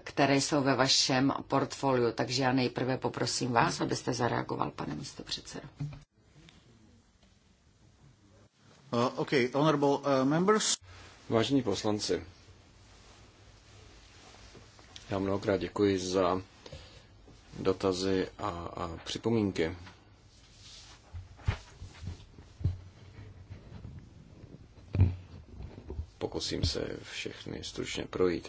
které jsou ve vašem portfoliu. Takže já nejprve poprosím vás, abyste zareagoval, pane předsedo. Uh, okay, honorable uh, members. Vážení poslanci, já mnohokrát děkuji za dotazy a, a připomínky. Pokusím se všechny stručně projít.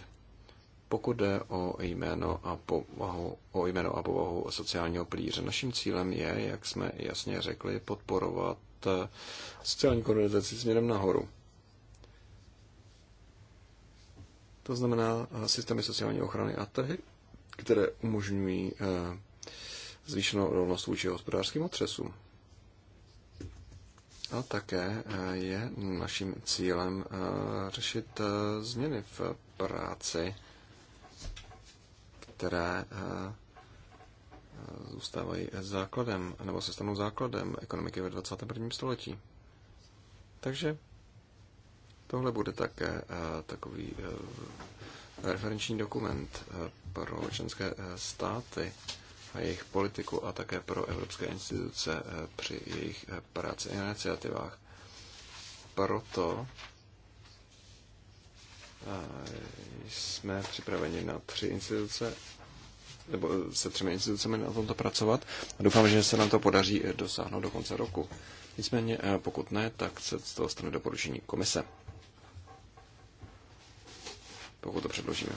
Pokud jde o jméno a povahu, o jméno a povahu sociálního plíře, naším cílem je, jak jsme jasně řekli, podporovat Eh, sociální konverzaci směrem nahoru. To znamená eh, systémy sociální ochrany a trhy, které umožňují eh, zvýšenou rovnost vůči hospodářským otřesům. A také je naším cílem řešit změny v práci, které zůstávají základem, nebo se stanou základem ekonomiky ve 21. století. Takže tohle bude také eh, takový eh, referenční dokument eh, pro členské státy a jejich politiku a také pro evropské instituce při jejich práci a iniciativách. Proto jsme připraveni na tři instituce nebo eh, se třemi institucemi na tomto pracovat a doufám, že se nám to podaří eh, dosáhnout do konce roku. Nicméně, eh, pokud ne, tak se z toho stane doporučení komise. Pokud to předložíme.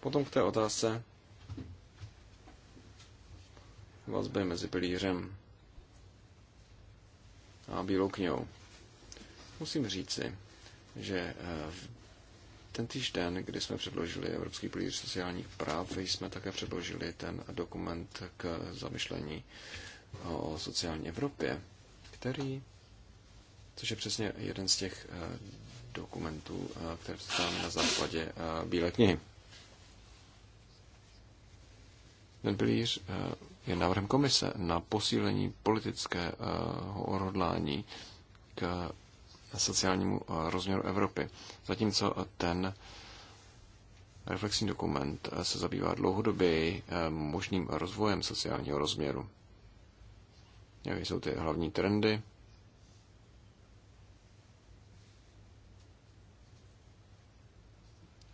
Potom k té otázce vazby mezi pilířem a bílou knihou. Musím říci, že v ten týžden, kdy jsme předložili Evropský pilíř sociálních práv, jsme také předložili ten dokument k zamyšlení o sociální Evropě, který, což je přesně jeden z těch eh, dokumentů, eh, které představíme na základě eh, Bílé knihy. Ten pilíř je návrhem komise na posílení politického odhodlání k sociálnímu rozměru Evropy. Zatímco ten reflexní dokument se zabývá dlouhodobě možným rozvojem sociálního rozměru. Jaké jsou ty hlavní trendy?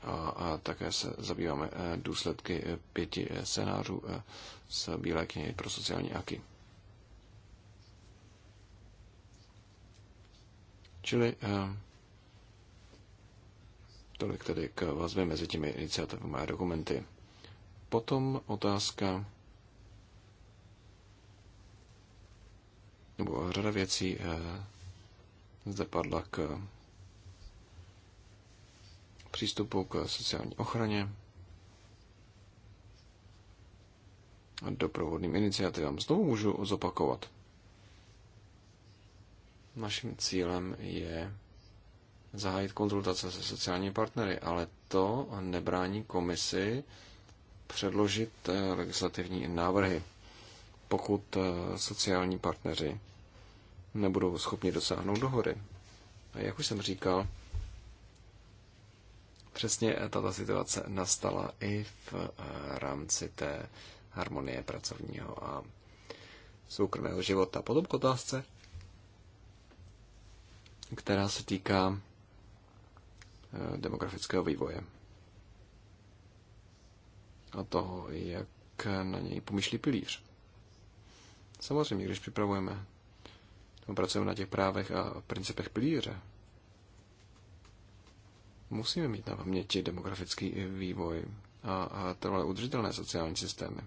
A, a také se zabýváme důsledky e, pěti e, scénářů e, z Bílé knihy pro sociální aky. Čili eh, tolik tedy k vazbě mezi těmi iniciativami a dokumenty. Potom otázka nebo řada věcí eh, zde padla k přístupu k sociální ochraně, a doprovodným iniciativám. Znovu můžu zopakovat. Naším cílem je zahájit konzultace se sociálními partnery, ale to nebrání komisi předložit eh, legislativní návrhy, pokud eh, sociální partneři nebudou schopni dosáhnout dohody. A jak už jsem říkal, přesně tato situace nastala i v eh, rámci té harmonie pracovního a soukromého života. Potom k otázce která se týká eh, demografického vývoje a toho, jak na něj pomyšlí pilíř. Samozřejmě, když připravujeme pracujeme na těch právech a principech pilíře, musíme mít na paměti demografický vývoj a, a trvalé udržitelné sociální systémy.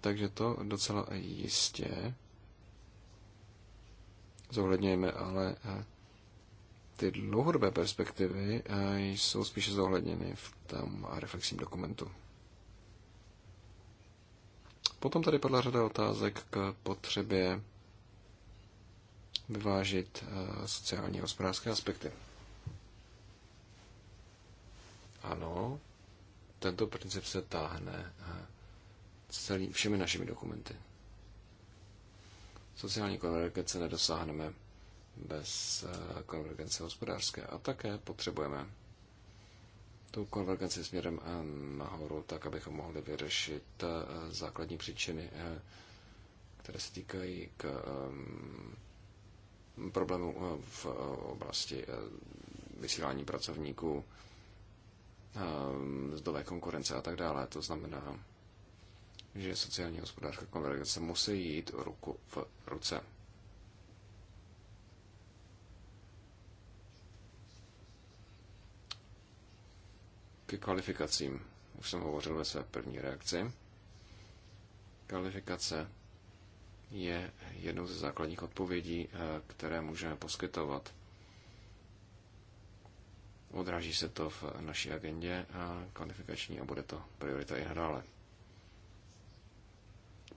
Takže to docela jistě zohledňujeme, ale eh, ty dlouhodobé perspektivy eh, jsou spíše zohledněny v tom reflexním dokumentu. Potom tady padla řada otázek k potřebě vyvážit eh, sociální a hospodářské aspekty. Ano, tento princip se táhne celý, všemi našimi dokumenty. Sociální konvergence nedosáhneme bez eh, konvergence hospodářské a také potřebujeme tu konvergenci směrem eh, nahoru, tak abychom mohli vyřešit eh, základní příčiny, které se týkají k problémů v oblasti vysílání pracovníků, mzdové konkurence a tak dále. To znamená, že sociální hospodářka konvergence musí jít ruku v ruce. Ke kvalifikacím. Už jsem hovořil ve své první reakci. Kvalifikace je jednou ze základních odpovědí, eh, které můžeme poskytovat. Odráží se to v naší agendě a kvalifikační a bude to priorita i nadále.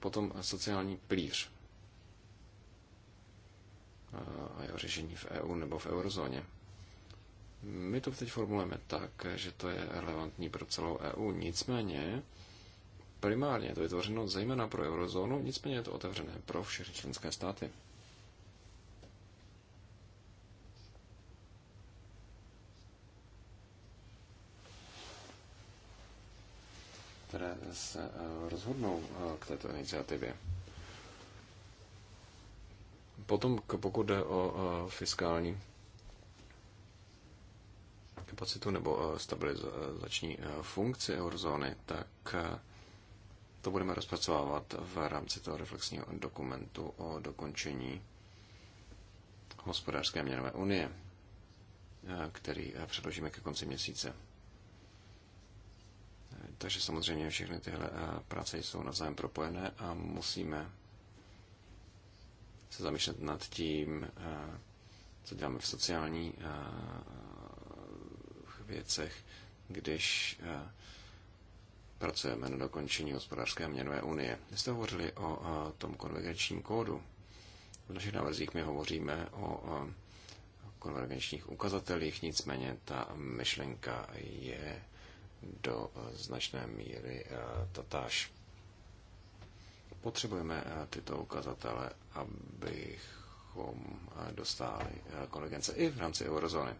Potom sociální plíř a jeho řešení v EU nebo v eurozóně. My to teď formulujeme tak, že to je relevantní pro celou EU, nicméně primárně to je tvořeno zejména pro eurozónu, nicméně je to otevřené pro všechny členské státy. se eh, rozhodnou eh, k této iniciativě. Potom, pokud jde o eh, fiskální kapacitu nebo stabilizační funkci eurozóny, tak to budeme rozpracovávat v rámci toho reflexního dokumentu o dokončení hospodářské měnové unie, který předložíme ke konci měsíce. Takže samozřejmě všechny tyhle eh, práce jsou navzájem propojené a musíme se zamýšlet nad tím, eh, co děláme v sociální eh, věcech, když pracujeme na dokončení hospodářské měnové unie. Vy jste hovořili o tom konvergenčním kódu. V našich návrzích my hovoříme o konvergenčních ukazatelích, nicméně ta myšlenka je do značné míry eh, tatáž. Potřebujeme eh, tyto ukazatele, abychom eh, dostali konvergence i v rámci eurozóny.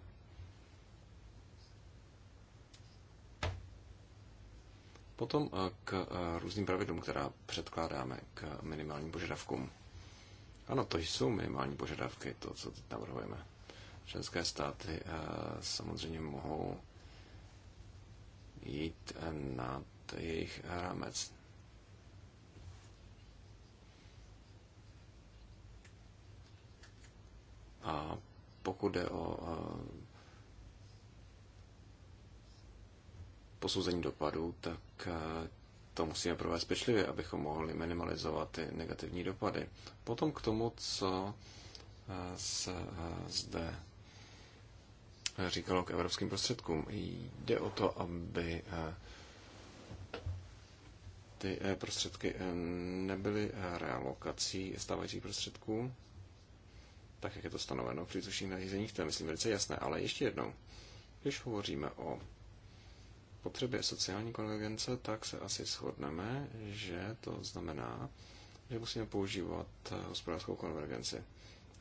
Potom k různým pravidlům, která předkládáme k minimálním požadavkům. Ano, to jsou minimální požadavky, to, co teď navrhujeme. Členské státy samozřejmě mohou jít nad jejich rámec. A pokud jde o eh, posouzení dopadů, tak eh, to musíme provést pečlivě, abychom mohli minimalizovat ty negativní dopady. Potom k tomu, co eh, se zde říkalo k evropským prostředkům. Jde o to, aby eh, ty eh, prostředky eh, nebyly realokací stávajících prostředků, tak jak je to stanoveno v příslušných nařízeních, to je, myslím, velice jasné. Ale ještě jednou, když hovoříme o potřebě sociální konvergence, tak se asi shodneme, že to znamená, že musíme používat hospodářskou konvergenci.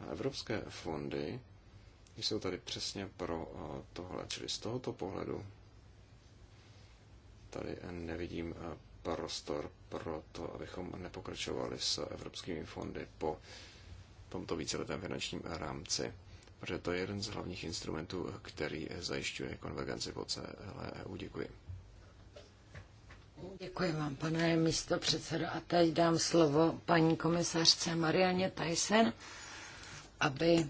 A evropské fondy jsou tady přesně pro eh, tohle. Čili z tohoto pohledu tady nevidím eh, prostor pro to, abychom nepokračovali s evropskými fondy po tomto víceletém finančním rámci, protože to je jeden z hlavních instrumentů, který zajišťuje konvergenci po celé EU. Děkuji. Děkuji vám, pane místo předsedo. A teď dám slovo paní komisařce Marianě Tyson, aby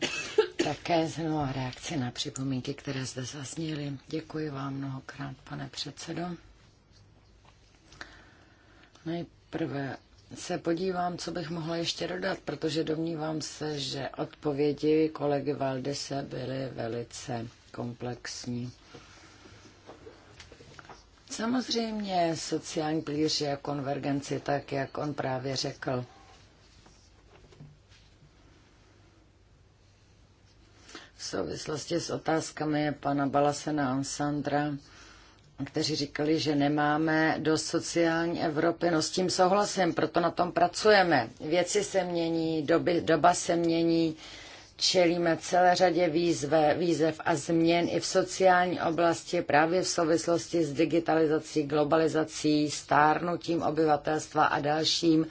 také zhrnula reakci na připomínky, které zde zazněly. Děkuji vám mnohokrát, pane předsedo. Nejprve se podívám, co bych mohla ještě dodat, protože domnívám se, že odpovědi kolegy Valdese byly velice komplexní. Samozřejmě sociální plíř je konvergenci, tak jak on právě řekl. v souvislosti s otázkami pana Balasena Ansandra, kteří říkali, že nemáme do sociální Evropy. No s tím souhlasím, proto na tom pracujeme. Věci se mění, doby, doba se mění, čelíme celé řadě výzve, výzev a změn i v sociální oblasti právě v souvislosti s digitalizací, globalizací, stárnutím obyvatelstva a dalším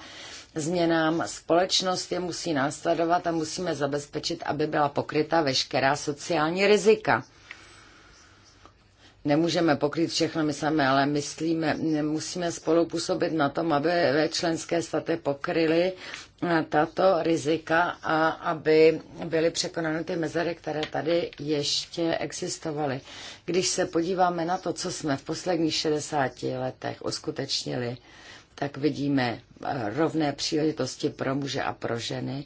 změnám společnost je musí následovat a musíme zabezpečit, aby byla pokryta veškerá sociální rizika. Nemůžeme pokrýt všechno my sami, ale myslíme, musíme spolupůsobit na tom, aby ve členské státy pokryly eh, tato rizika a aby byly překonány ty mezery, které tady ještě existovaly. Když se podíváme na to, co jsme v posledních 60 letech uskutečnili, tak vidíme eh, rovné příležitosti pro muže a pro ženy.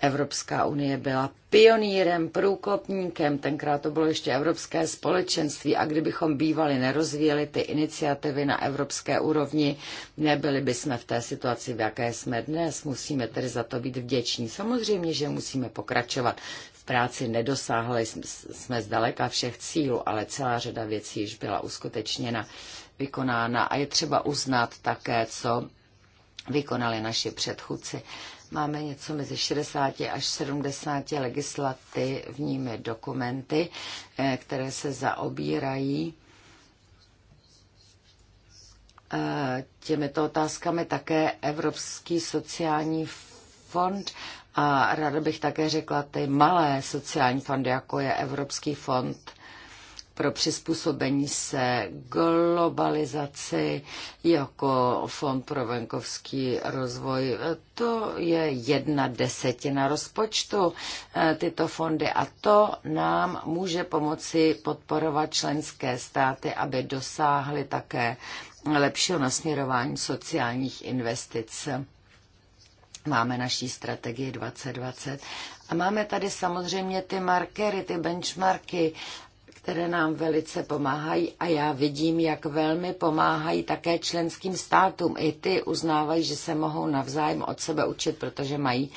Evropská unie byla pionýrem, průkopníkem, tenkrát to bylo ještě Evropské společenství a kdybychom bývali nerozvíjeli ty iniciativy na evropské úrovni, nebyli bychom v té situaci, v jaké jsme dnes. Musíme tedy za to být vděční. Samozřejmě, že musíme pokračovat v práci, nedosáhli jsme zdaleka všech cílů, ale celá řada věcí již byla uskutečněna vykonána a je třeba uznat také, co vykonali naši předchůdci. Máme něco mezi 60 až 70 legislativními dokumenty, eh, které se zaobírají eh, těmito otázkami také Evropský sociální fond a ráda bych také řekla ty malé sociální fondy, jako je Evropský fond pro přizpůsobení se globalizaci jako Fond pro venkovský rozvoj. To je jedna desetina rozpočtu eh, tyto fondy a to nám může pomoci podporovat členské státy, aby dosáhly také lepšího nasměrování sociálních investic. Máme naší strategii 2020 a máme tady samozřejmě ty markery, ty benchmarky které nám velice pomáhají a já vidím, jak velmi pomáhají také členským státům. I ty uznávají, že se mohou navzájem od sebe učit, protože mají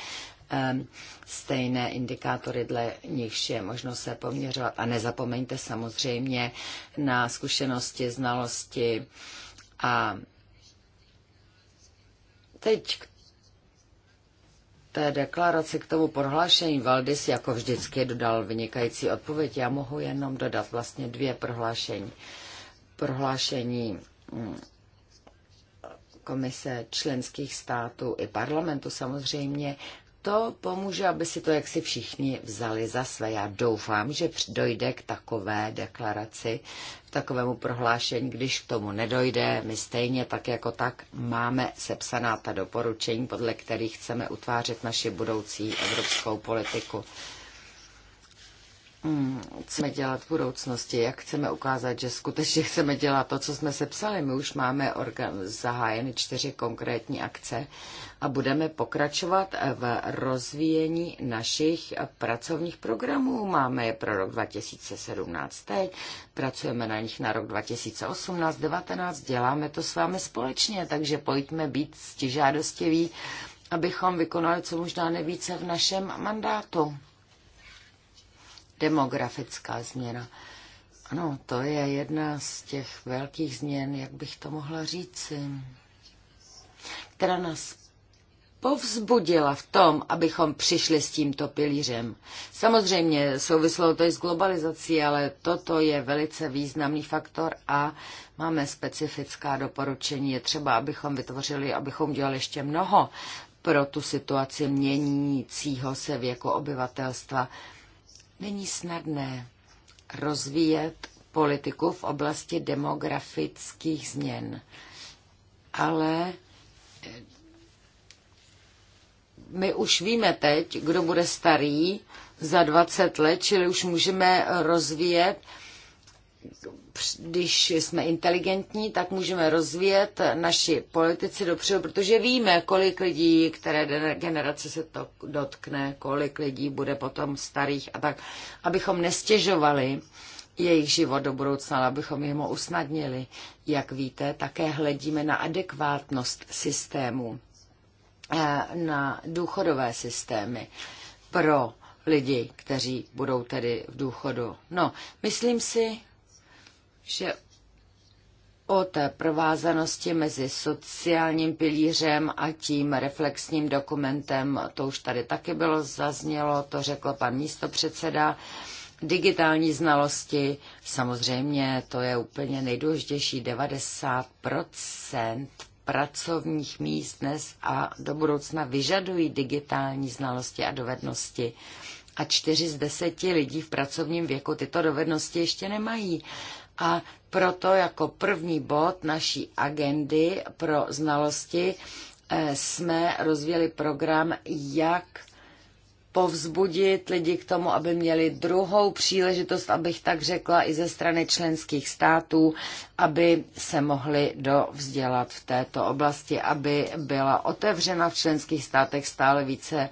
um, stejné indikátory, dle nichž je možno se poměřovat. A nezapomeňte samozřejmě na zkušenosti, znalosti a teď k té deklaraci k tomu prohlášení Valdis jako vždycky dodal vynikající odpověď. Já mohu jenom dodat vlastně dvě prohlášení. Prohlášení mm, komise členských států i parlamentu samozřejmě to pomůže, aby si to jaksi všichni vzali za své. Já doufám, že dojde k takové deklaraci, k takovému prohlášení. Když k tomu nedojde, my stejně tak jako tak máme sepsaná ta doporučení, podle kterých chceme utvářet naši budoucí evropskou politiku. Hmm, co chceme dělat v budoucnosti, jak chceme ukázat, že skutečně chceme dělat to, co jsme se psali. My už máme organ- zahájeny čtyři konkrétní akce a budeme pokračovat v rozvíjení našich pracovních programů. Máme je pro rok 2017 teď, pracujeme na nich na rok 2018, 19, děláme to s vámi společně, takže pojďme být stižádostiví, abychom vykonali co možná nejvíce v našem mandátu demografická změna. Ano, to je jedna z těch velkých změn, jak bych to mohla říci, která nás povzbudila v tom, abychom přišli s tímto pilířem. Samozřejmě souvislo to i s globalizací, ale toto je velice významný faktor a máme specifická doporučení. Je třeba, abychom vytvořili, abychom dělali ještě mnoho pro tu situaci měnícího se věku obyvatelstva. Není snadné rozvíjet politiku v oblasti demografických změn, ale eh, my už víme teď, kdo bude starý za 20 let, čili už můžeme rozvíjet když jsme inteligentní, tak můžeme rozvíjet naši politici dopředu, protože víme, kolik lidí, které generace se to dotkne, kolik lidí bude potom starých a tak, abychom nestěžovali jejich život do budoucna, abychom jim ho usnadnili. Jak víte, také hledíme na adekvátnost systému, eh, na důchodové systémy pro lidi, kteří budou tedy v důchodu. No, myslím si, že o té provázanosti mezi sociálním pilířem a tím reflexním dokumentem, to už tady taky bylo zaznělo, to řekl pan místopředseda, digitální znalosti, samozřejmě to je úplně nejdůležitější, 90% pracovních míst dnes a do budoucna vyžadují digitální znalosti a dovednosti. A čtyři z deseti lidí v pracovním věku tyto dovednosti ještě nemají. A proto jako první bod naší agendy pro znalosti eh, jsme rozvíjeli program, jak povzbudit lidi k tomu, aby měli druhou příležitost, abych tak řekla, i ze strany členských států, aby se mohli dovzdělat v této oblasti, aby byla otevřena v členských státech stále více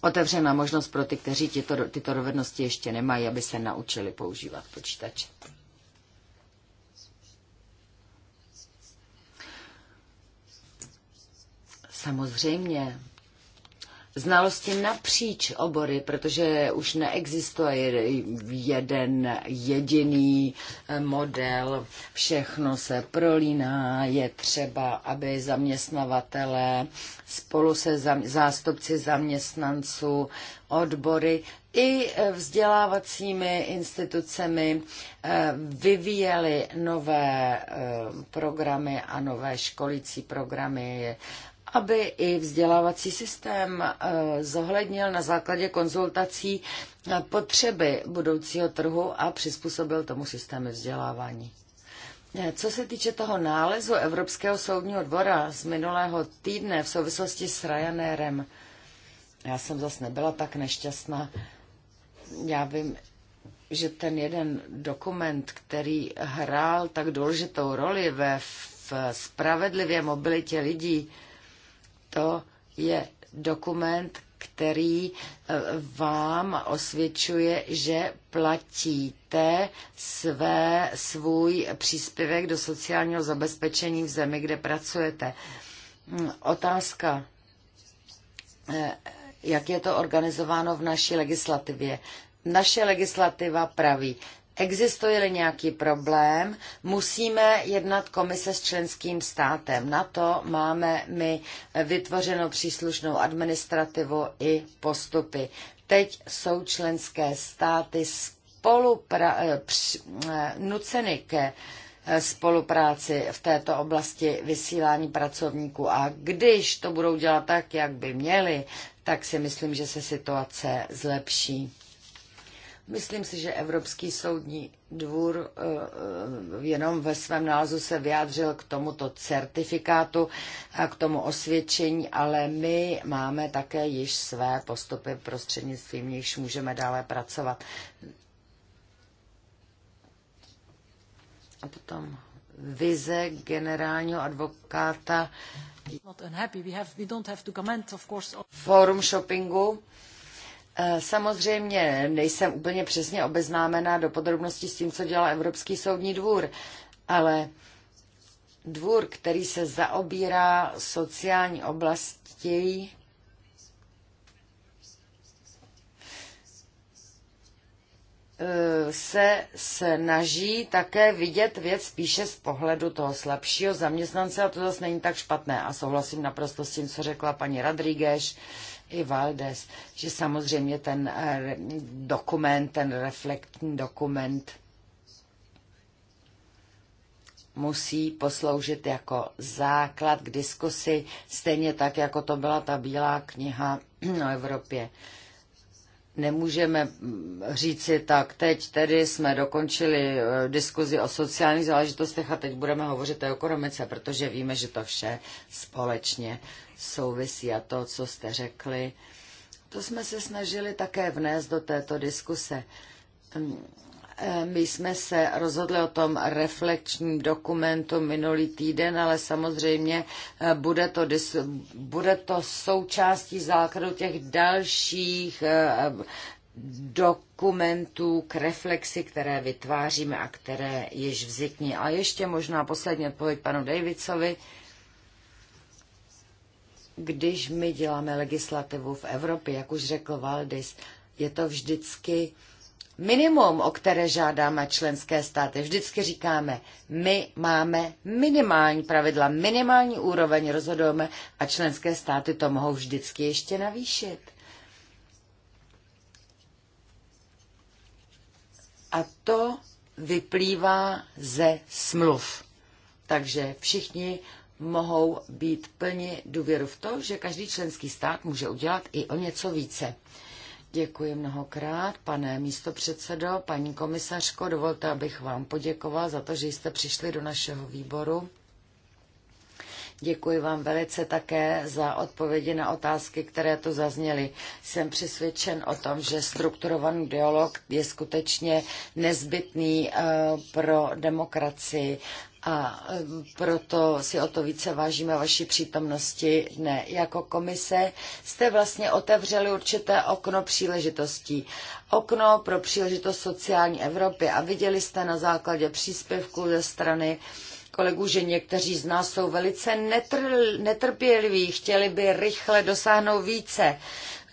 otevřena možnost pro ty, kteří tyto, tyto dovednosti ještě nemají, aby se naučili používat počítače. Samozřejmě. Znalosti napříč obory, protože už neexistuje jeden jediný eh, model, všechno se prolíná, je třeba, aby zaměstnavatele spolu se zástupci zaměstnanců, odbory i eh, vzdělávacími institucemi eh, vyvíjeli nové programy a nové školící programy aby i vzdělávací systém eh, zohlednil na základě konzultací eh, potřeby budoucího trhu a přizpůsobil tomu systému vzdělávání. Eh, co se týče toho nálezu Evropského soudního dvora z minulého týdne v souvislosti s Ryanairem, já jsem zase nebyla tak nešťastná. Já vím, že ten jeden dokument, který hrál tak důležitou roli ve v spravedlivé mobilitě lidí, to je dokument, který e, vám osvědčuje, že platíte své, svůj příspěvek do sociálního zabezpečení v zemi, kde pracujete. Hm, otázka, e, jak je to organizováno v naší legislativě. Naše legislativa praví, Existuje-li nějaký problém, musíme jednat komise s členským státem. Na to máme my vytvořenou příslušnou administrativu i postupy. Teď jsou členské státy spolupra- eh, při- eh, nuceny ke eh, spolupráci v této oblasti vysílání pracovníků. A když to budou dělat tak, jak by měli, tak si myslím, že se situace zlepší. Myslím si, že Evropský soudní dvůr eh, eh, jenom ve svém názvu se vyjádřil k tomuto certifikátu a k tomu osvědčení, ale my máme také již své postupy prostřednictvím nichž můžeme dále pracovat. A potom vize generálního advokáta Forum shoppingu E, samozřejmě nejsem úplně přesně obeznámená do podrobností s tím, co dělá Evropský soudní dvůr, ale dvůr, který se zaobírá sociální oblastí, e, se snaží také vidět věc spíše z pohledu toho slabšího zaměstnance a to zase není tak špatné. A souhlasím naprosto s tím, co řekla paní Rodriguez i Valdes, že samozřejmě ten eh, dokument, ten reflektní dokument musí posloužit jako základ k diskusi, stejně tak, jako to byla ta bílá kniha o Evropě nemůžeme říci tak, teď tedy jsme dokončili eh, diskuzi o sociálních záležitostech a teď budeme hovořit o ekonomice, protože víme, že to vše společně souvisí a to, co jste řekli, to jsme se snažili také vnést do této diskuse. Hm, my jsme se rozhodli o tom reflekčním dokumentu minulý týden, ale samozřejmě eh, bude to, bude to součástí základu těch dalších eh, dokumentů k reflexi, které vytváříme a které již vznikní. A ještě možná poslední odpověď panu Davidsovi. Když my děláme legislativu v Evropě, jak už řekl Valdis, je to vždycky minimum, o které žádáme členské státy. Vždycky říkáme, my máme minimální pravidla, minimální úroveň rozhodujeme a členské státy to mohou vždycky ještě navýšit. A to vyplývá ze smluv. Takže všichni mohou být plně důvěru v to, že každý členský stát může udělat i o něco více. Děkuji mnohokrát, pane místopředsedo, paní komisařko. Dovolte, abych vám poděkoval za to, že jste přišli do našeho výboru. Děkuji vám velice také za odpovědi na otázky, které tu zazněly. Jsem přesvědčen o tom, že strukturovaný dialog je skutečně nezbytný eh, pro demokracii a eh, proto si o to více vážíme vaší přítomnosti. Ne, jako komise jste vlastně otevřeli určité okno příležitostí. Okno pro příležitost sociální Evropy a viděli jste na základě příspěvků ze strany kolegů, že někteří z nás jsou velice netr, netrpěliví, chtěli by rychle dosáhnout více.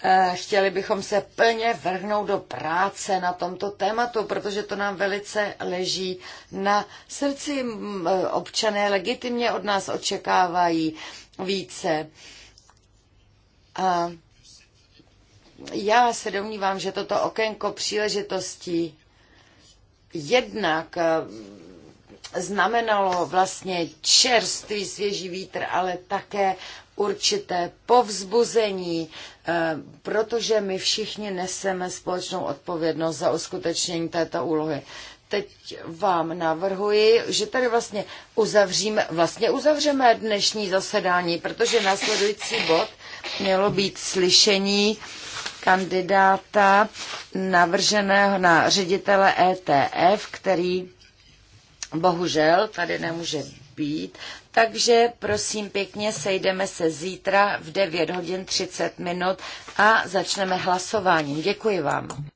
Eh, chtěli bychom se plně vrhnout do práce na tomto tématu, protože to nám velice leží na srdci. Eh, občané legitimně od nás očekávají více. A já se domnívám, že toto okénko příležitostí jednak eh, znamenalo vlastně čerstvý svěží vítr, ale také určité povzbuzení, eh, protože my všichni neseme společnou odpovědnost za uskutečnění této úlohy. Teď vám navrhuji, že tady vlastně uzavříme, vlastně uzavřeme dnešní zasedání, protože následující bod mělo být slyšení kandidáta navrženého na ředitele ETF, který bohužel tady nemůže být, takže prosím pěkně, sejdeme se zítra v 9 hodin 30 minut a začneme hlasováním. Děkuji vám.